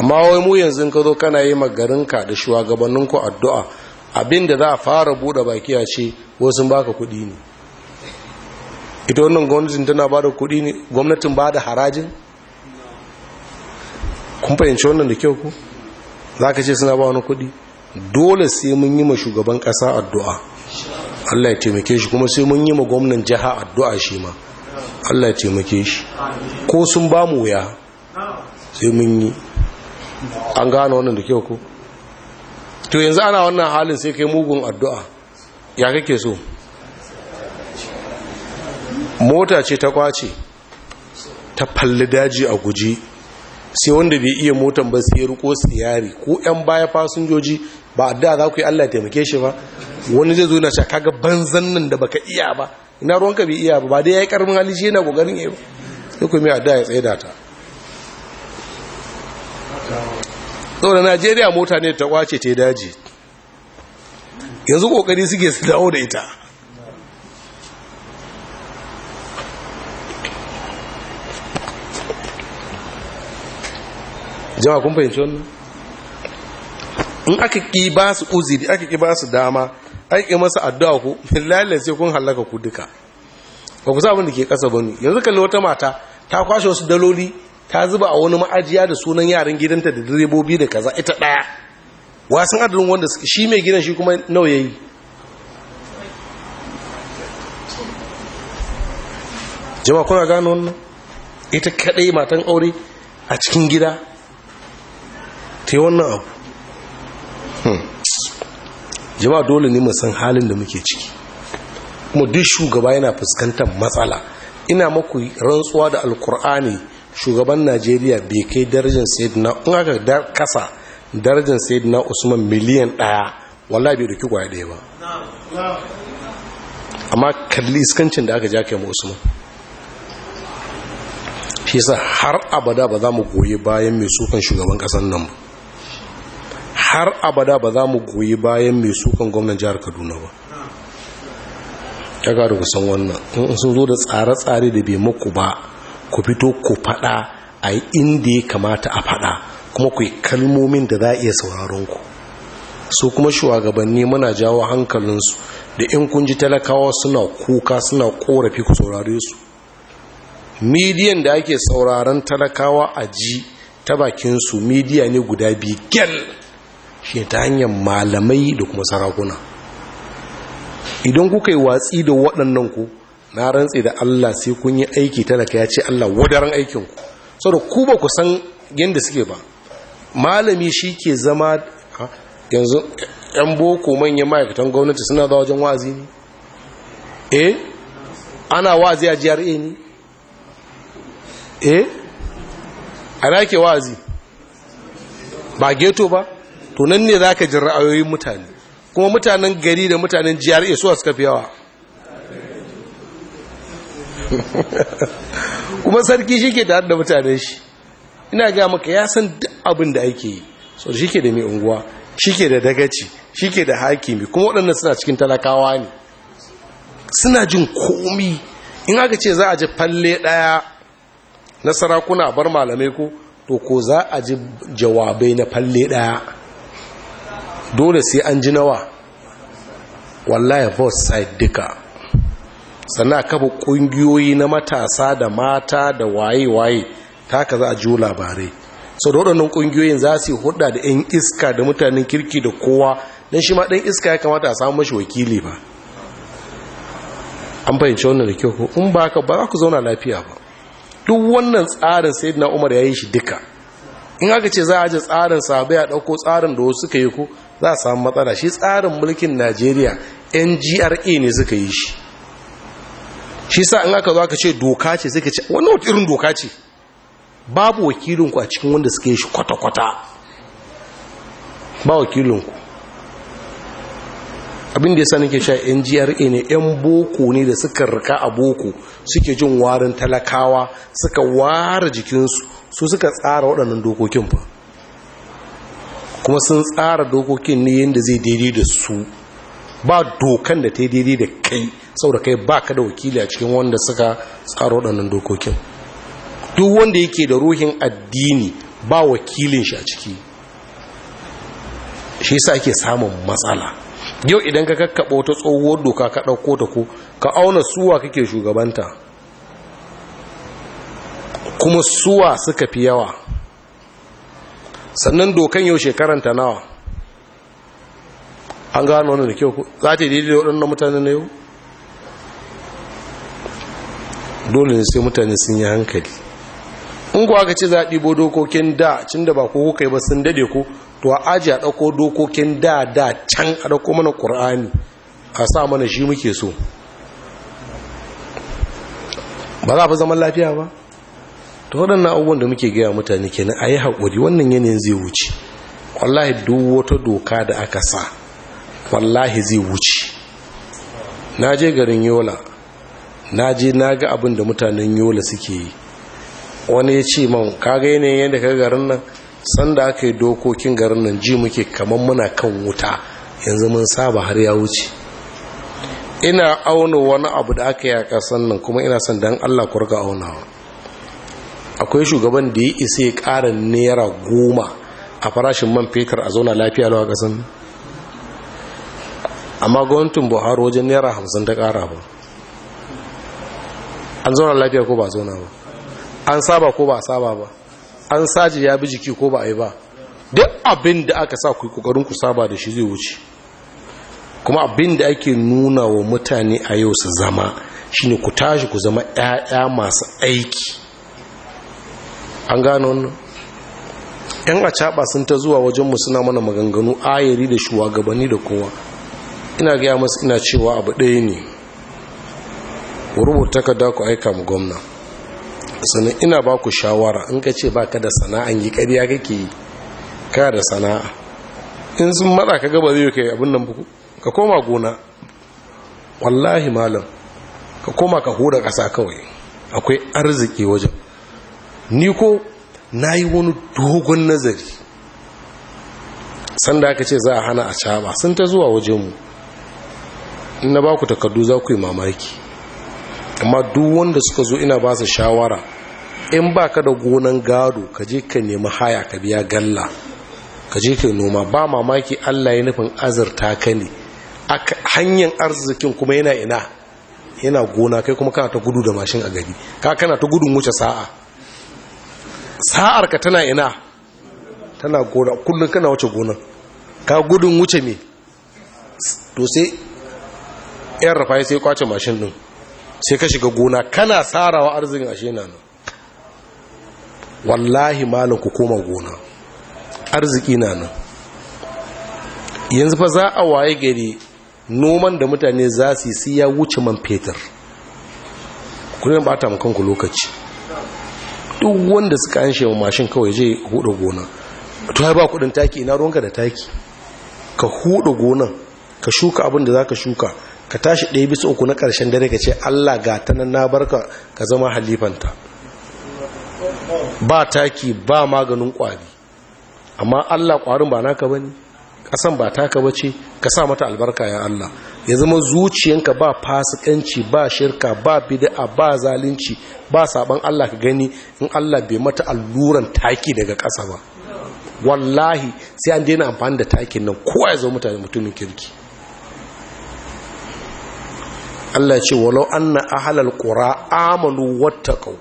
amma wai mu yanzu ka zo kana yi ka da ku addu'a abinda za a fara bude baki a ce wasu baka kuɗi ne ita wannan gwamnatin tana ba da kuɗi ne gwamnatin ba da harajin kun fahimci wannan da kyau ku za ka ce suna ba wani kuɗi dole sai mun yi ma shugaban ƙasa addu'a Allah ya taimake shi kuma sai mun yi ma gwamnan jiha addu'a shi ma Allah taimake shi ko sun ba mu wuya sai mun yi an gane wannan da kyau ko to yanzu ana wannan halin sai kai mugun addu'a ya kake so mota ce ta kwace ta falli daji a guji sai wanda bai iya motan ba sai ruko siyari ko yan baya fasinjoji ba addu'a za ku yi Allah taimake shi ba wani zai zo na shaka ga banzan nan da baka iya ba ina ruwan ka bi iya ba ba dai ya yi ƙarfin hali shi yana kokarin yi ba hukumi a da ya tsaye da ta da najeriya mota ne ta kwace ta daji yanzu kokari suke su dawo da ita Jama'a kun fahimci wannan in aka ƙi ba su uziri aka ki ba su dama aiki masa addu'a ku lalace sai kun hallaka ku duka ba ku sa da ke kasa ne yanzu kalli wata mata ta kwashe wasu daloli ta zuba a wani ma'ajiya da sunan yaran gidanta da direbobi da kaza ita daya wasan adadin wanda shi mai gidan shi kuma nawa yayi jama kuna gano wannan ita kadai matan aure a cikin gida ta yi wannan abu hmm. jama'a dole ne mu san halin da muke ciki kuma duk shugaba yana fuskantar matsala ina maku rantsuwa da alkur'ani shugaban najeriya bai kai darajar sayyidina in aka kasa darajar na usman miliyan daya wallahi bai duki kwaya daya ba amma kalli iskancin da aka ja kai usman shi yasa har abada ba za mu goyi bayan mai sukan shugaban kasan nan ba har abada ba za mu goyi bayan mai sukan gwamnan jihar kaduna ba ya gada kusan wannan in sun zo da tsare-tsare da bai maku ba ku fito ku fada a yi inda ya kamata a fada kuma ku yi kalmomin da za a iya sauraron ku su kuma shugabanni muna jawo hankalinsu da in kun ji talakawa suna kuka suna korafi ku saurare su midiyan da ake sauraron talakawa a ji ta bakinsu midiya ne guda biyu gyal shi ta hanyar malamai da kuma sarakuna idan kuka yi watsi da waɗannan ku na rantse da Allah sai kun yi aiki talaka ya ce Allah wadaran aikinku sau da ku ba ku san yadda suke ba malami shi ke zama yanzu yan boko manyan ma'aikatan gwamnati suna za wajen wazi ne eh ana wazi a GRA ne eh ana ke wazi ba geto ba to nan ne za ka ji ra'ayoyin mutane kuma mutanen gari da mutanen GRA suwa suka fi yawa kuma sarki shi ke da da mutanen shi ina ga maka ya san duk abin da ake yi so shi ke da mai unguwa shi ke da dagaci shi ke da hakimi kuma waɗannan suna cikin talakawa ne suna jin komi in aka ce za a ji falle ɗaya na sarakuna bar malamai ko to ko za a ji jawabai na falle ɗaya dole sai an ji nawa wallahi both side duka sannan kafa kungiyoyi na matasa da mata da waye-waye ta ka za a ji labarai sau da waɗannan kungiyoyin za su yi hudda da 'yan iska da mutanen kirki da kowa don shi ma ɗan iska ya kamata a samu mashi wakili ba an fahimci wannan da kyau ko in ba ka ba za ku zauna lafiya ba duk wannan tsarin sai na umar ya yi shi duka in aka ce za a ji tsarin sabai a ɗauko tsarin da wasu suka yi ko za a samu matsala shi tsarin mulkin najeriya ngra e ne suka yi shi shi sa in aka zo aka ce doka ce suka ce wani wata irin doka ce babu wakilinku a cikin wanda suka yi shi kwata-kwata ba wakilinku abin da ya sa ke sha ngra e ne yan boko ne da suka rika a boko suke jin warin talakawa suka ware jikinsu su suka tsara waɗannan dokokin fa kuma sun tsara dokokin ne yadda zai daidai da su ba dokan da ta daidai da kai saboda kai ba ka da wakili a cikin wanda suka tsara waɗannan dokokin duk wanda yake da ruhin addini ba wakilin shi a ciki shi sa ake samun matsala yau idan ka kakkaɓa wata tsohuwar doka ka ɗauko ta ko ka auna suwa kake shugabanta kuma suwa suka fi yawa sannan dokan yau shekaranta nawa an gano wani da kyau za ta yi daidai waɗannan mutane na yau dole ne sai mutane sun yi hankali in ku aka ce za a ɗibo dokokin da cin da ba ku kuka yi ba sun dade ko? to a aji a ɗauko dokokin da da can a ɗauko mana ƙur'ani a sa mana shi muke so ba za a fi zaman lafiya ba to waɗannan abubuwan da muke gaya mutane kenan a yi haƙuri wannan yanayin zai wuce wallahi duk wata doka da aka sa wallahi zai wuce na je garin yola na je na ga abin da mutanen yola suke yi wani ya ce man kaga yanayin yadda ka garin nan sanda aka yi dokokin garin nan ji muke kamar muna kan wuta yanzu mun saba har ya wuce ina auna wani abu da aka yi a ƙasan nan kuma ina son dan allah kurka aunawa akwai shugaban da ya isa ya kara naira goma a farashin man fetur a zauna lafiya lawa kasan. amma gwamnatin buhari wajen naira hamsin ta kara ba an zauna lafiya ko ba zauna ba an saba ko ba saba ba an saji ya bi jiki ko ba a yi ba duk abin da aka sa ku kokarin ku saba da shi zai wuce kuma abin da ake nuna wa mutane a yau su zama shine ku tashi ku zama 'ya'ya masu aiki an gano wannan yan acaba sun ta zuwa wajenmu suna mana maganganu ayari da shuwa, gabani da kowa ina gaya masu ina cewa abu ɗaya ne rubuta ka da ku aika mu gwamna sannan ina ba ku shawara in ka ce ba ka da sana'an yi ƙarya kake yi ka da sana'a in sun mara ka gaba zai kai abin nan ka koma gona wallahi malam ka koma ka hura ƙasa kawai akwai arziki wajen ni ko na yi wani dogon nazari sanda aka ce za a hana a caba sun ta zuwa wajenmu ina na ba ku takardu za ku yi mamaki amma duk wanda suka zo ina ba su shawara in ba ka da gonan gado ka je ka nemi haya ka biya galla ka je ka noma ba mamaki allah ya nufin azurta ka ne hanyar arzikin kuma yana ina yana gona kai kuma kana ta gudu da mashin a gari ka kana ta gudun wuce sa'a sa'ar ka tana ina tana gona kullum kana wuce gonan ka gudun wuce me to sai yan rafa sai kwace mashin din sai ka shiga gona kana sarawa arzikin ashe na nan wallahi malam ku koma gona arziki na nan yanzu fa za a waye gari noman da mutane za su yi ya wuce man fetur kullum ba ta kanku lokaci duk wanda suka anshe wa mashin kawai zai hudu gona to ya ba kudin taki ina ruwanka da taki ka hudu gonan ka shuka abin da za ka shuka ka tashi ɗaya bisa uku na ƙarshen dare ka ce Allah ga ta nan na barka ka zama halifanta ba taki ba maganin ƙwari amma Allah ƙwarin ba naka ne ƙasan ba taka ce ka sa mata albarka ya Allah ya zama zuciyanka ba fasikanci ba shirka ba bid'a ba zalunci ba saban Allah ka gani in Allah bai mata alluran taki daga ƙasa ba wallahi sai an daina amfani da takin nan kowa ya zama mutane mutumin kirki Allah ce walau anna ahlal qura amanu wattaqu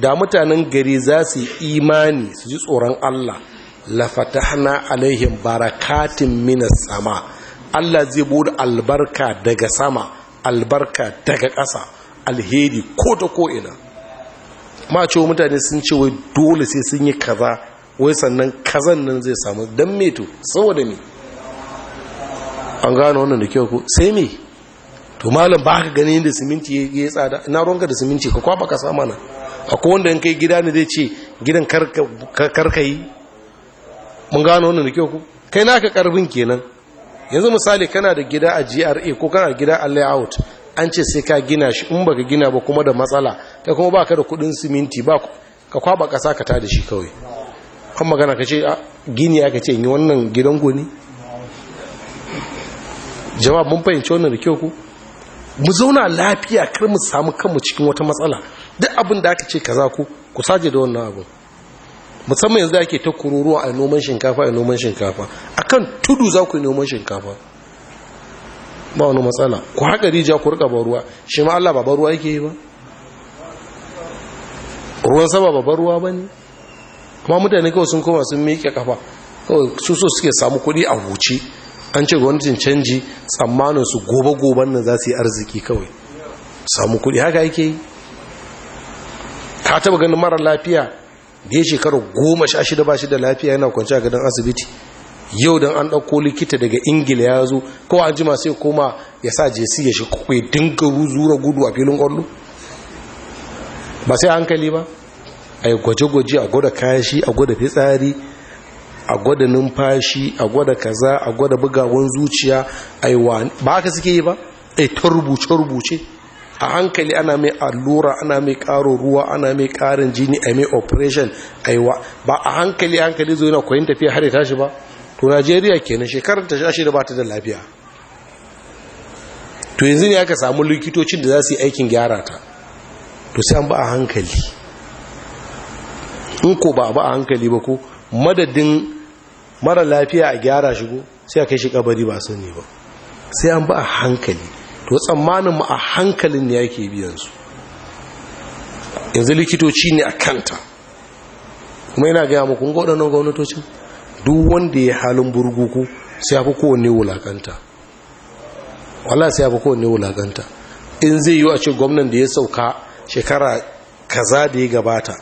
da mutanen gari za su yi imani su ji tsoron Allah la fatahna alaihim barakatin minas sama' Allah zai bude albarka daga sama albarka daga ƙasa alheri ko ta ko ina ma ce mutane sun ce wai dole sai sun yi kaza wai sannan kazan nan zai samu don meto saboda me an gano wannan da kyau ko sai me to malam ba ka gani da siminti ya tsada ina ronka da siminti ka kwaba ka sama nan akwai wanda in kai gida ne zai ce gidan karkayi mun gano wannan da kyau ku kai ka karfin kenan yanzu misali kana da gida a GRA ko kana da gida a layout an ce sai ka gina shi in baka gina ba kuma da matsala kai kuma baka da kudin siminti ba ka kwaba kasa ka da shi kawai kan magana ka ce ah, gini ya ka ce yi wannan gidan goni jawab mun fahimci wannan da kyau ku mu zauna lafiya kar mu samu kanmu cikin wata matsala duk abin da aka ce kaza ku ku saje da wannan abin musamman yanzu ake ta kururuwa a noman shinkafa a noman shinkafa akan tudu za ku yi noman shinkafa ba wani matsala ku haka rija ku rika baruwa shi ma Allah ba baruwa yake yi ba ruwan sama ba baruwa ba ne kuma mutane kawai sun koma sun miƙe kafa kawai su so suke samu kuɗi a huce an ce gwamnatin canji tsammanin su gobe-goben nan za su yi arziki kawai samu kuɗi haka yake yi ka taba ganin mara lafiya da ya shekaru goma sha shida ba shi da lafiya yana kwanci a gadon asibiti yau don an ɗauko likita daga ingila ya zo kawai an jima sai koma ya sa jesi ya shi kwai dinga zura gudu a filin ƙwallo ba sai hankali ba a yi gwaje-gwaje a gwada kashi a gwada fitsari a gwada numfashi a gwada kaza a gwada bugawan zuciya a yi ba haka suke yi ba a yi ta rubuce-rubuce a hankali ana mai allura ana mai ƙaro ruwa ana mai ƙarin jini a mai operation aiwa ba a hankali hankali zo yana koyin tafiya har ya tashi ba to najeriya kenan shekarar ta shashi da bata da lafiya to yanzu ne aka samu likitocin da za su yi aikin gyara ta to sai an ba a hankali in ko ba a ba a hankali ba ko madadin mara lafiya a gyara shigo sai a kai shi kabari ba sani ba sai an ba a hankali to tsammanin mu a hankalin ne yake biyansu yanzu likitoci ne a kanta kuma yana gaya muku ga waɗannan gwamnatocin duk wanda ya halin burguku sai hafi kowanne wulakanta wala sai hafi kowanne wulakanta in zai yi a ce gwamnan da ya sauka shekara kaza da ya gabata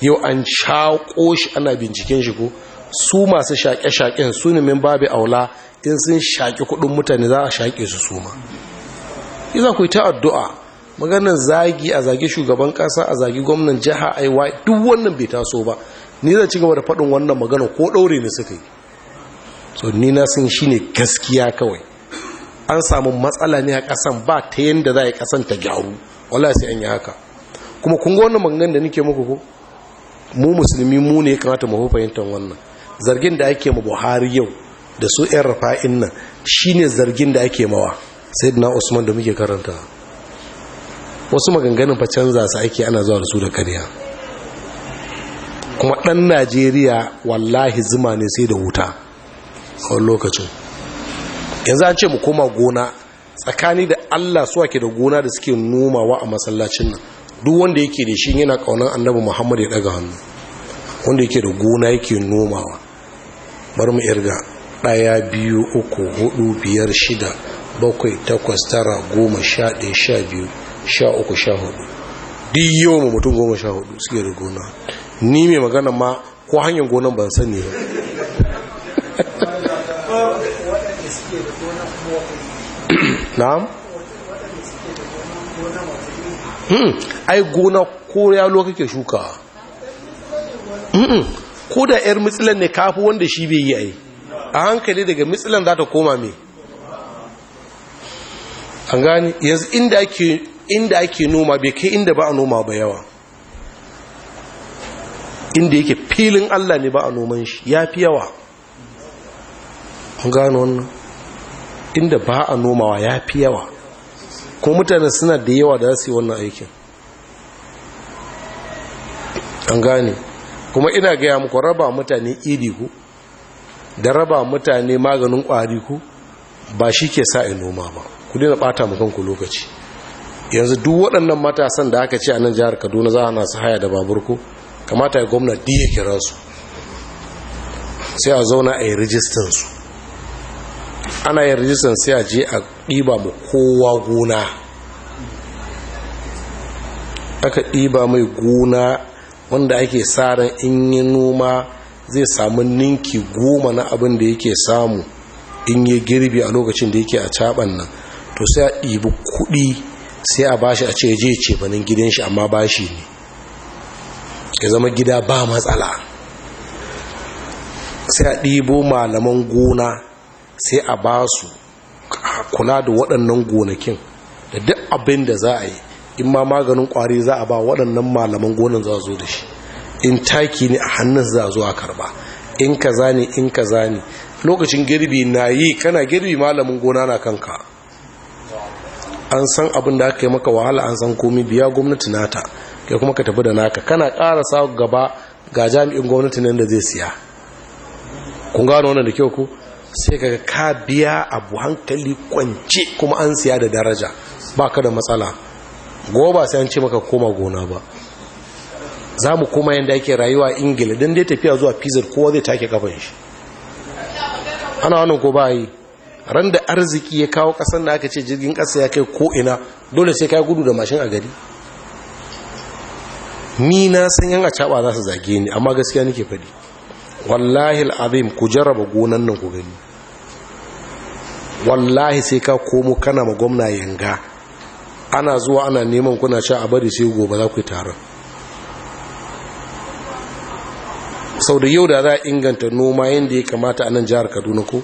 yau an shaƙo shi ana binciken shi ko su masu shaƙe-shaƙen su ne min babu aula in sun shaƙi kuɗin mutane za a shaƙe su suma iza ku yi ta addu'a maganar zagi a zagi shugaban kasa a zagi gwamnan jiha aiwa duk wannan bai taso ba ni zai ci gaba da faɗin wannan magana ko ɗaure ne suka yi so ni na sun shi ne gaskiya kawai an samu matsala ne a ƙasan ba ta yadda za a yi ƙasan ta gyaru wala sai an yi haka kuma kun wannan magana da nake muku ko mu musulmi mu ne ya kamata mu fahimtar wannan zargin da ake ma buhari yau da su 'yan rafa'in nan shine zargin da ake mawa sai na usman da muke karanta wasu maganganun fa canza su ake ana zuwa da su da kariya. kuma ɗan najeriya wallahi zuma ne sai da wuta a wani lokacin yanzu an ce mu koma gona tsakani da allah suwa ke da gona da suke nomawa a masallacin nan duk wanda yake da shi yana kaunar annabi muhammad ya daga hannu wanda yake da gona yake nomawa bar mu irga ɗaya biyu uku hudu biyar shida bakwai takwas tara goma sha ɗaya sha biyu sha uku sha hudu duk yawan mutum goma sha hudu suke da gona ni mai magana ma ko hanyar gonan ban sani ba na'am hmm, ai gona ko ya yalo kake shuka hmm, ko da 'yar mitsilan ne kafi wanda shi bai yi ai a hankali daga mitsilan za ta koma mai an gane yanzu inda ake noma bai kai inda ba a noma ba yawa inda yake filin Allah ne ba a noman shi ya fi yawa an gano wannan inda ba a nomawa ya fi yawa ko mutane suna da yawa da su yi wannan aikin an gane kuma ina gaya muku raba mutane iri ku da raba mutane maganin kwari ku ba shi ke sa noma ba ku daina bata mu kanku lokaci yanzu duk waɗannan matasan da aka ce a nan jihar kaduna za a na su haya da babur ko kamata ya gwamna di ya kira su sai a zauna a yi rijistan su ana yin rijistan sai a je a ɗiba mu kowa gona aka ɗiba mai gona wanda ake tsarin in yi noma zai samu ninki goma na abin da yake samu in yi girbi a lokacin da yake a caban nan to sai a ɗibi kuɗi sai a bashi a ce je ce banin gidan shi amma bashi ne ya zama gida ba matsala sai a ɗibo malaman gona sai a ba su kula da waɗannan gonakin da duk abin da za a yi in ma maganin ƙwari za a ba waɗannan malaman gonan za zo da shi in taki ne a hannun za zo a karba in ka zane, in ka zane. lokacin girbi na yi kana girbi malamin gona na kanka an san abin da aka yi maka wahala an san komi biya gwamnati nata kai kuma ka tafi da naka kana kara sa gaba ga jami'in gwamnati nan da zai siya kun gano wannan da kyau ku sai ka ka biya abu hankali kwance kuma an siya da daraja ba ka da matsala goba sai an ce maka koma gona ba za mu koma yadda ake rayuwa ingila don dai tafiya zuwa pizar kowa zai take kafin shi ana wannan ko ba yi ran da arziki ya kawo ƙasar da aka ce jirgin ƙasa ya kai ko'ina dole sai ka gudu da mashin a gari ni na san yan caba za su zage ni amma gaskiya nake faɗi wallahi al'azim ku jarraba gonan nan ku gani wallahi sai ka komo kana ma gwamna yanga ana zuwa ana neman kuna sha a bari sai gobe za ku yi taron sau da yau da za a inganta noma yadda ya kamata a nan jihar kaduna ko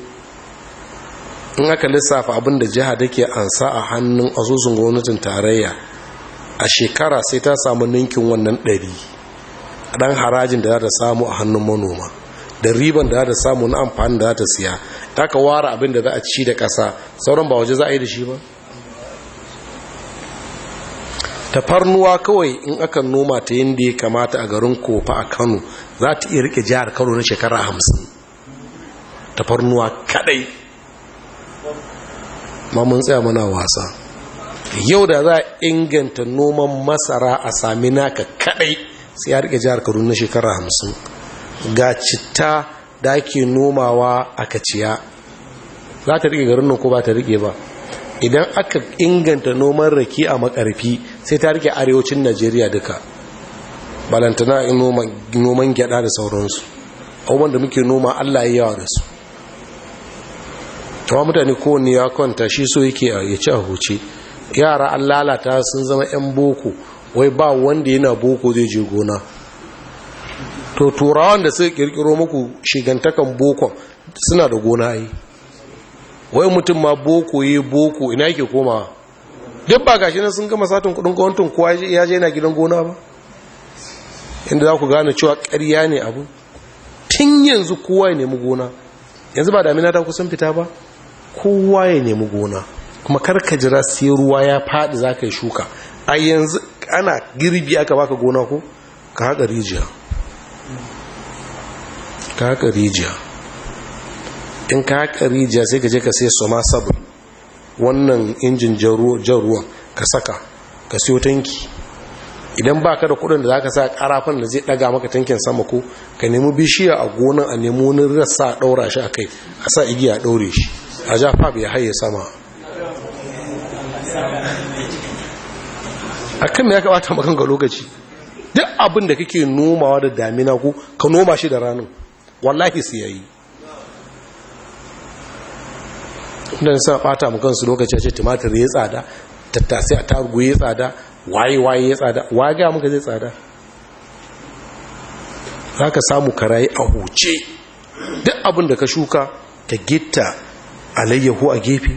in aka lissafa abin da jiha take ansa a hannun asusun gwamnatin tarayya a shekara sai ta samu ninkin wannan ɗari a ɗan harajin da za ta samu a hannun manoma da riban da za ta samu na amfani da za ta siya ta ka ware abin da za a ci da ƙasa sauran ba waje za a yi da shi ba Ta farnuwa kawai in aka noma ta yadda ya kamata a garin kofa a kano za ta iya rike jihar kano na shekara hamsin ta farnuwa kadai ma mun tsaya mana wasa yau da za a inganta noman masara a sami naka kadai sai ya rike jihar kaduna na shekara hamsin ga citta da ake nomawa a kaciya za ta rike garin nan ko ba ta rike ba idan aka inganta noman rake a makarfi sai ta rike arewacin najeriya duka balantana noman gyada da sauransu abubuwan da muke noma allah ya yawa da su amma mutane kowanne ya kwanta shi so yake ya ci a huce yara an lalata sun zama 'yan boko wai ba wanda yana boko zai je gona to turawan da suka kirkiro muku shigantakan bokon suna da gona yi wai mutum ma boko yi boko ina yake koma? duk ba gashi nan sun gama satin kudin gwamnatin kowa ya je yana gidan gona ba inda za ku gane cewa ƙarya ne abu tun yanzu kowa ya nemi gona yanzu ba damina ta kusan fita ba kowa ya nemi gona kuma karka jira sai ruwa ya faɗi za ka yi shuka a yanzu ana girbi aka baka gona ko ka haƙa rijiya ka haƙa rijiya in ka haƙa rijiya sai ka je ka sai soma sabon wannan injin jan ruwan ka saka ka siyo tanki idan ba ka da kudin da za ka sa karafan da zai daga maka tankin sama ko ka nemi bishiya a gona a nemi wani rassa a daura shi a kai a sa igiya a daure shi a jafa bai haye sama a kan ya kamata makon ga lokaci duk abin da kake nomawa da damina ko ka noma shi da ranar wallahi su yayi don sa makon su lokaci ce tumatir ya tsada tattasai a tarugu ya tsada waye-waye ya tsada waga muka zai tsada za ka samu karayi a huce duk abin da ka shuka ka gita. alayyahu a gefe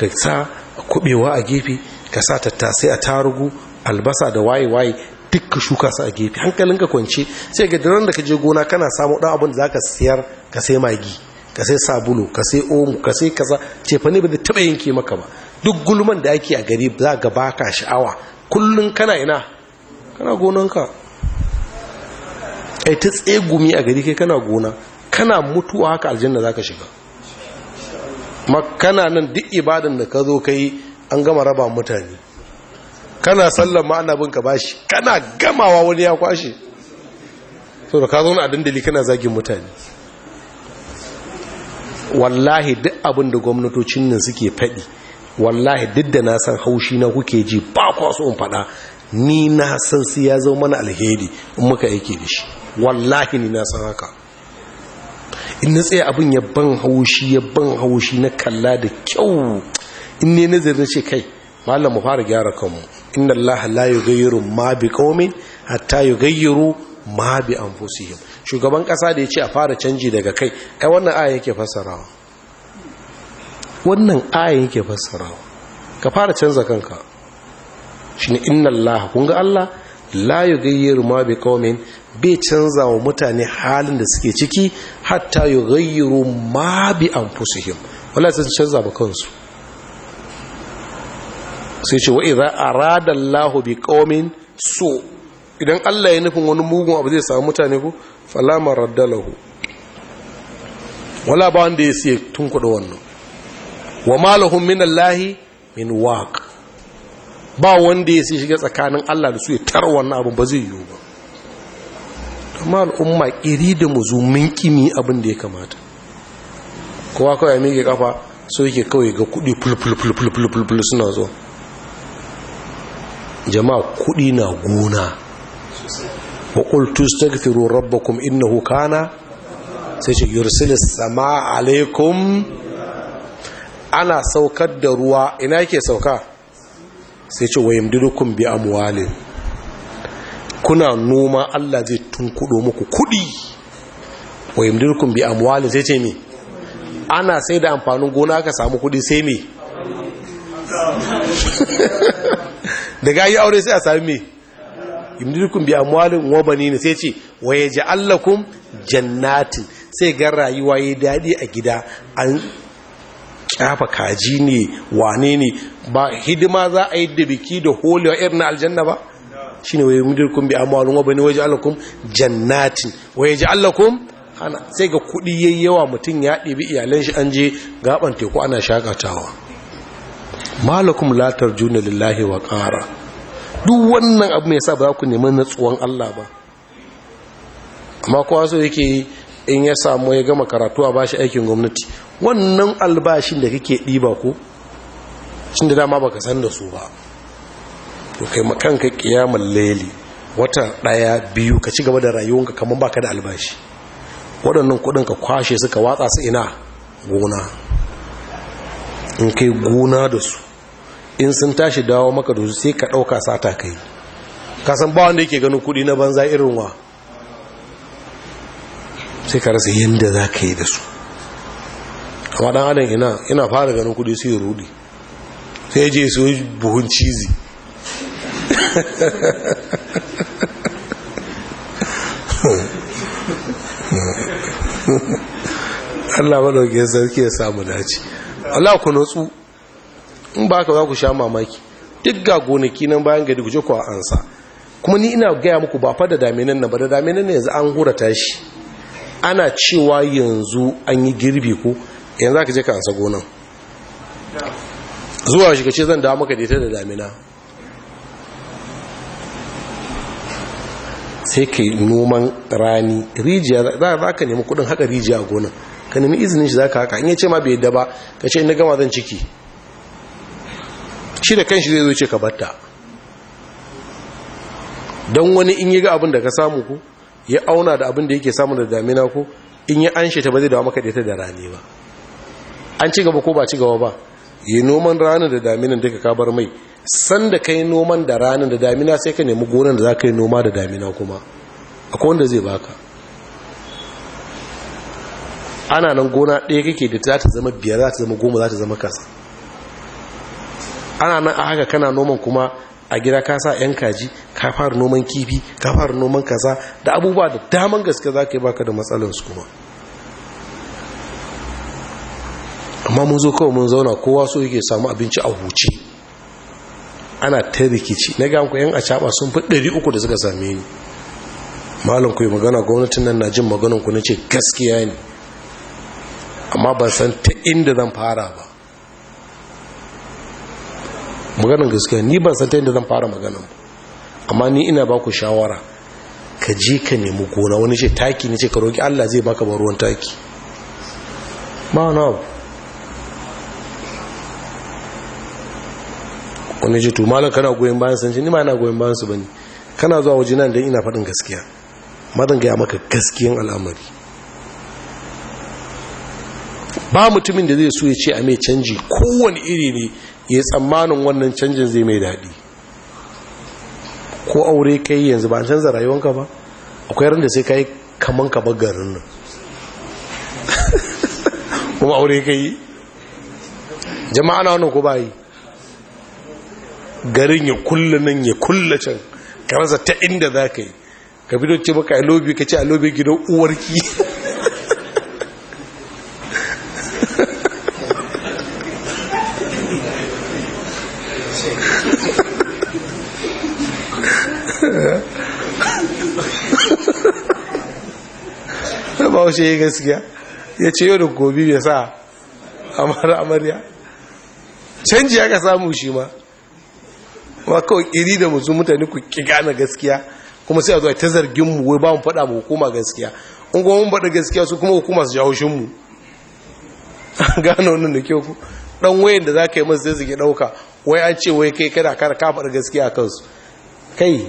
ka sa kubewa a gefe ka sa tattasai a tarugu albasa da waye-waye duk ka shuka su a gefe ka kwance sai ga daren da ka je gona kana samu dan abin da za ka siyar ka sai magi ka sai sabulu ka sai omu ka sai kaza ce fa ne ba taɓa yanke maka ba duk gulman da ake a gari za ga baka sha'awa kullum kana ina kana gonanka ai ta tsegumi a gari kai kana gona kana mutuwa haka aljanna zaka shiga makana nan duk ibadan da ka zo ka an gama raba mutane kana sallan ma bin ka bashi kana gamawa wani ya kwashe so da ka zo na dandali kana zagin mutane wallahi duk abin da gwamnatocin nan suke faɗi wallahi duk da na san haushi na kuke ji ba kwa in faɗa ni na san su ya zo mana alheri in muka yake da shi wallahi ni na san haka in na tsaye abin ya ban haushi ya ban haushi na kalla da kyau in ne zirin ce kai malam mu fara gyara kanmu inna allaha la yughayyiru ma bi qaumin hatta yughayyiru ma bi anfusihim shugaban kasa da ya ce a fara canji daga kai ai wannan aya yake fassarawa wannan aya yake fassarawa ka fara canza kanka shine inna allaha kun ga Allah la yughayyiru ma bi qaumin bai canza wa mutane halin da suke ciki hatta yughayyiru ma bi anfusihim Wala sai canza ba kansu sai ce wa a radar Allahu bi qaumin so. idan Allah ya nufin wani mugun abu zai samu mutane ku? falamar radalahu wala ba wanda ya siye kudu wannan wa malahun min Allahi min waq ba wanda ya siye shiga tsakanin Allah da su ya tarwa wannan abin ba zai yiwu ba amma al'umma iri da mu kimi abin da ya kamata kowa kawai ya miƙe kafa so yake kawai ga kuɗi fulfulfulfulful suna jama'a kuɗi na gona alaikum ana saukar da ruwa ina sauka sai ce wa kuna noma Allah zai tunkudo muku kudi wa yamdirkum bi amwali sai ce me ana sai da amfanin gona ka samu kudi sai me daga yi aure sai a sami me yamdirkum bi amwalin wa ne sai ce wa yaj'alakum jannatin sai ga rayuwa yi dadi a gida an kyafa kaji ne wane ne ba hidima za a yi da biki da holewa irin aljanna ba shine waye mudirkum bi amwalin wa bani waje allakum jannatin waye ji ana sai ga kudi yayyawa mutum ya ɗibi iyalan shi an je gaban teku ana shakatawa malakum la tarjuna lillahi wa qara duk wannan abu mai sa ba za ku neman natsuwan Allah ba amma kowa so yake in ya samu ya gama karatu a bashi aikin gwamnati wannan albashin da kake ɗiba ko cin da dama baka san da su ba to kai makanka kiyamar laili wata daya biyu ka ci gaba da rayuwanka kamar baka da albashi waɗannan kuɗin ka kwashe suka watsa su ina gona in kai gona da su in sun tashi dawo maka da su sai ka ɗauka sata kai san ba wanda yake ganin kuɗi na banza irin wa sai ka rasa yadda za ka yi da su amma ɗan adam ina fara ganin kuɗi sai rudi sai je su buhun cizi Allah madaukin sarki ya samu dace Allah ku nutsu in ba ka za ku sha mamaki duk ga gonaki nan bayan gari ku je ku ansa kuma ni ina gaya muku ba da daminan nan ba da daminan ne yanzu an hura tashi ana cewa yanzu an yi girbi ko yanzu za ka je ka ansa gonan zuwa shi ka zan dawo maka da da damina sai ka yi noman rani rijiya za ka nemi kudin haka rijiya a gonan ka nemi izinin shi za ka haka in ya ce ma bai yadda ba ka ce na gama zan ciki shi da kanshi zai zo ce ka batta don wani in yi ga abin da ka samu ku ya auna da abin da yake samu da damina ku in yi an ta ba zai dawa maka da da rani ba an ci gaba ko ba ci gaba ba yi noman ranar da daminan ka bar mai sanda kai noman da ranar da damina sai ka nemi gonar da za ka yi noma da damina kuma akwai wanda zai baka ana nan gona ɗaya kake da za ta zama biyar za ta zama goma za ta zama kasa ana nan a haka kana noman kuma a gida ka sa 'yan kaji ka fara noman kifi ka fara noman kasa, da abubuwa da daman gaske za ka yi baka da matsalansu kuma amma mun zo kawai mun zauna kowa so yake samu abinci a huce ana ta rikici na ga yan a caba sun fi 300 da suka same ni malam ku yi magana gwamnatin nan na jin maganan ku ce gaskiya ne amma ban san ta inda zan fara ba maganan gaskiya ni ban san ta inda zan fara maganan ba amma ni ina ba ku shawara ka je ka nemi gona wani ce taki ne ce ka roƙi Allah zai baka ba ruwan taki ba na abu wani ce to malam kana goyon bayan sun ce ni ma ina goyon bayan su bane kana zuwa waje nan dan ina faɗin gaskiya madan ga maka gaskiyan al'amari ba mutumin da zai so ya ce a mai canji kowane iri ne ya tsammanin wannan canjin zai mai daɗi ko aure kai yanzu ba an canza rayuwanka ba akwai ran da sai ka yi kaman ka bagarin nan kuma aure kai jama'a na wannan ko ba yi garin ya kulla nan ya kulla can ka ta inda za ka yi ka fito ce maka a lobi ka ce a lobi gidan uwarki ba wace yi gaskiya ya ce yau da gobe ya sa amarya canji ya ka samu shi ma kuma kawai iri da musu mutane ku ki gane gaskiya kuma sai a zuwa ta zargin mu wai ba mu faɗa mu hukuma gaskiya in kuma mun faɗa gaskiya su kuma hukuma su jawo shin mu gane wannan da kyau ku dan wayan da zaka yi masu sai suke dauka wai an ce wai kai kada kar ka faɗa gaskiya a kansu kai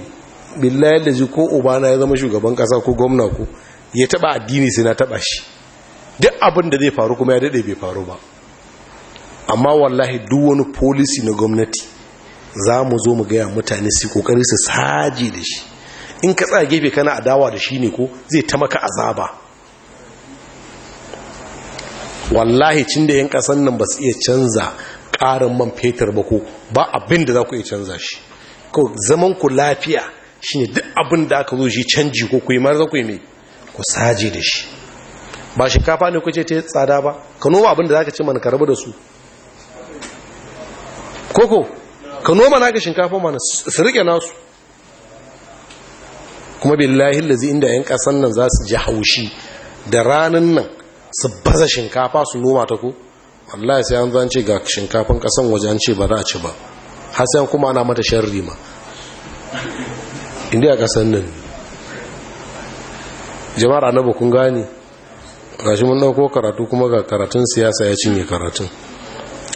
billahi da ji ko ubana ya zama shugaban kasa ko gwamna ko ya taba addini sai na taba shi duk abin da zai faru kuma ya dade bai faru ba amma wallahi duk wani policy na gwamnati za mu zo mu gaya mutane su kokari su saji da shi in ka tsaya gefe kana adawa da shi ne ko zai ta maka azaba wallahi cin da yan kasan nan ba su iya canza ƙarin man fetur ba ko ba abin da za ku iya canza shi ko zaman ku lafiya shine duk abin da aka zo shi canji ko ku yi ku yi mai ku saje da shi ba shinkafa ne ce ta tsada ba ka noma abin da za ka ce mana karbi da su koko ka noma ga shinkafa mana su rike nasu kuma billahi lazi inda yan kasan nan za su ji haushi da ranan nan su baza shinkafa su noma ta ku. wallahi sai an zance ga shinkafan kasan waje an ce ba za a ci ba har sai kuma ana mata sharri ma inda kasan nan jama'ar annabi kun gane gashi mun dauko karatu kuma ga karatun siyasa ya cinye karatun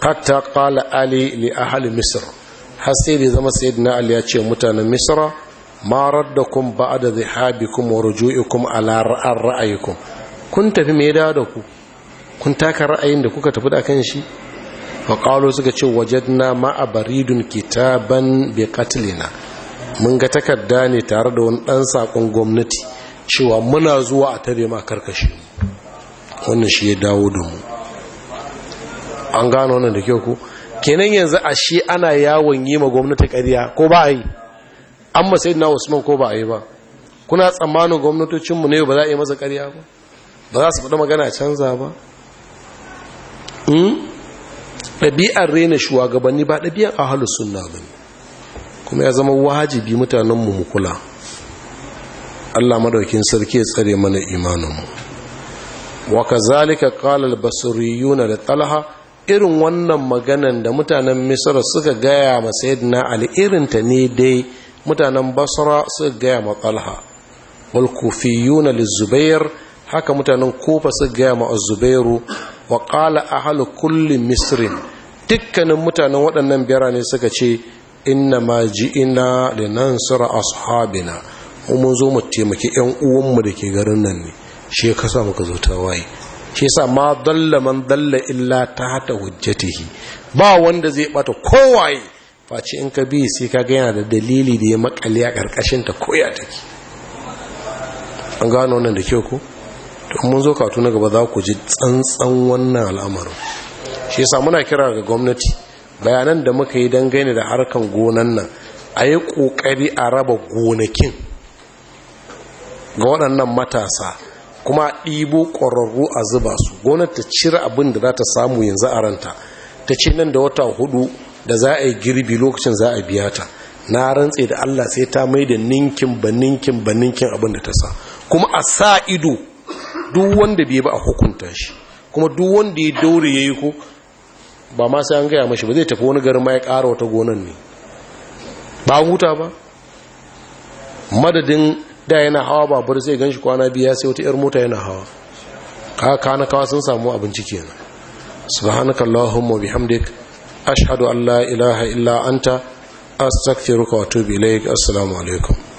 hatta qala ali li ahli misr har sai da zama sayyidina ali ya ce mutanen misra ma ba da dhahabikum wa ruju'ikum ala ra'ayikum kun tafi mai dawo da ku kun taka ra'ayin da kuka tafi da kan shi wa suka ce wajadna a baridun kitaban bi na mun ga takarda ne tare da wani ɗan sakon gwamnati cewa muna zuwa a tare ma karkashe wannan shi ya dawo da mu an gano wannan da kyau ku kenan yanzu ashe ana yawon yi ma gwamnati ƙarya ko ba a yi an ma na usman ko ba a yi ba kuna tsammanin gwamnatocinmu ne ba za a yi masa ƙarya ba ba za su faɗi magana canza ba hmm? ɗabi'ar rena shugabanni ba ɗabi'ar ahalus sunna ba kuma ya zama wajibi mutanenmu mu kula Allah madaukin sarki ya tsare mana imaninmu wa kazalika qala al na da talha irin wannan maganan da mutanen misra suka gaya ma sayyidina ali irinta ne dai mutanen basra suka gaya ma talha wal kufiyuna lizubair haka mutanen kofa suka gaya ma zubairu wa qala ahlu kulli misrin dukkanin mutanen waɗannan birane suka ce inna ma ina da sura ashabina mun zo mu taimaki yan uwanmu da ke garin nan ne shi ya kasa muka zo ta waye shi sa ma dalla man dalla illa ta hata hujjatihi ba wanda zai bata kowaye face in ka bi sai ka ga yana da dalili da ya makale a karkashin ta koya take an gano wannan da kyau ku to mun zo katu na gaba za ku ji tsantsan wannan al'amarin shi sa muna kira ga gwamnati bayanan da muka yi dangane da harkan gonan nan a yi ƙoƙari a raba gonakin ga waɗannan matasa kuma ɗibo ƙwararru a zuba su gonar ta cire abin da za ta samu yanzu a ranta ta ce nan da wata hudu da za a yi girbi lokacin za a biya ta na rantse da Allah sai ta mai da ninkin ba ninkin ba ninkin abin da ta sa kuma a sa ido duk wanda bai ba a hukunta shi kuma duk wanda ya daure yi ko ba ma sai an gaya mashi ba zai tafi wani garin ma ya ƙara wata gonar ne ba huta ba madadin da yana hawa babur sai ganshi kwana biya sai wata yar mota yana hawa ka kana kawa sun samu abinci kenan subhanakallahumma bihamdik ashhadu an la ilaha illa anta astaghfiruka wa atubu ilaik assalamu alaikum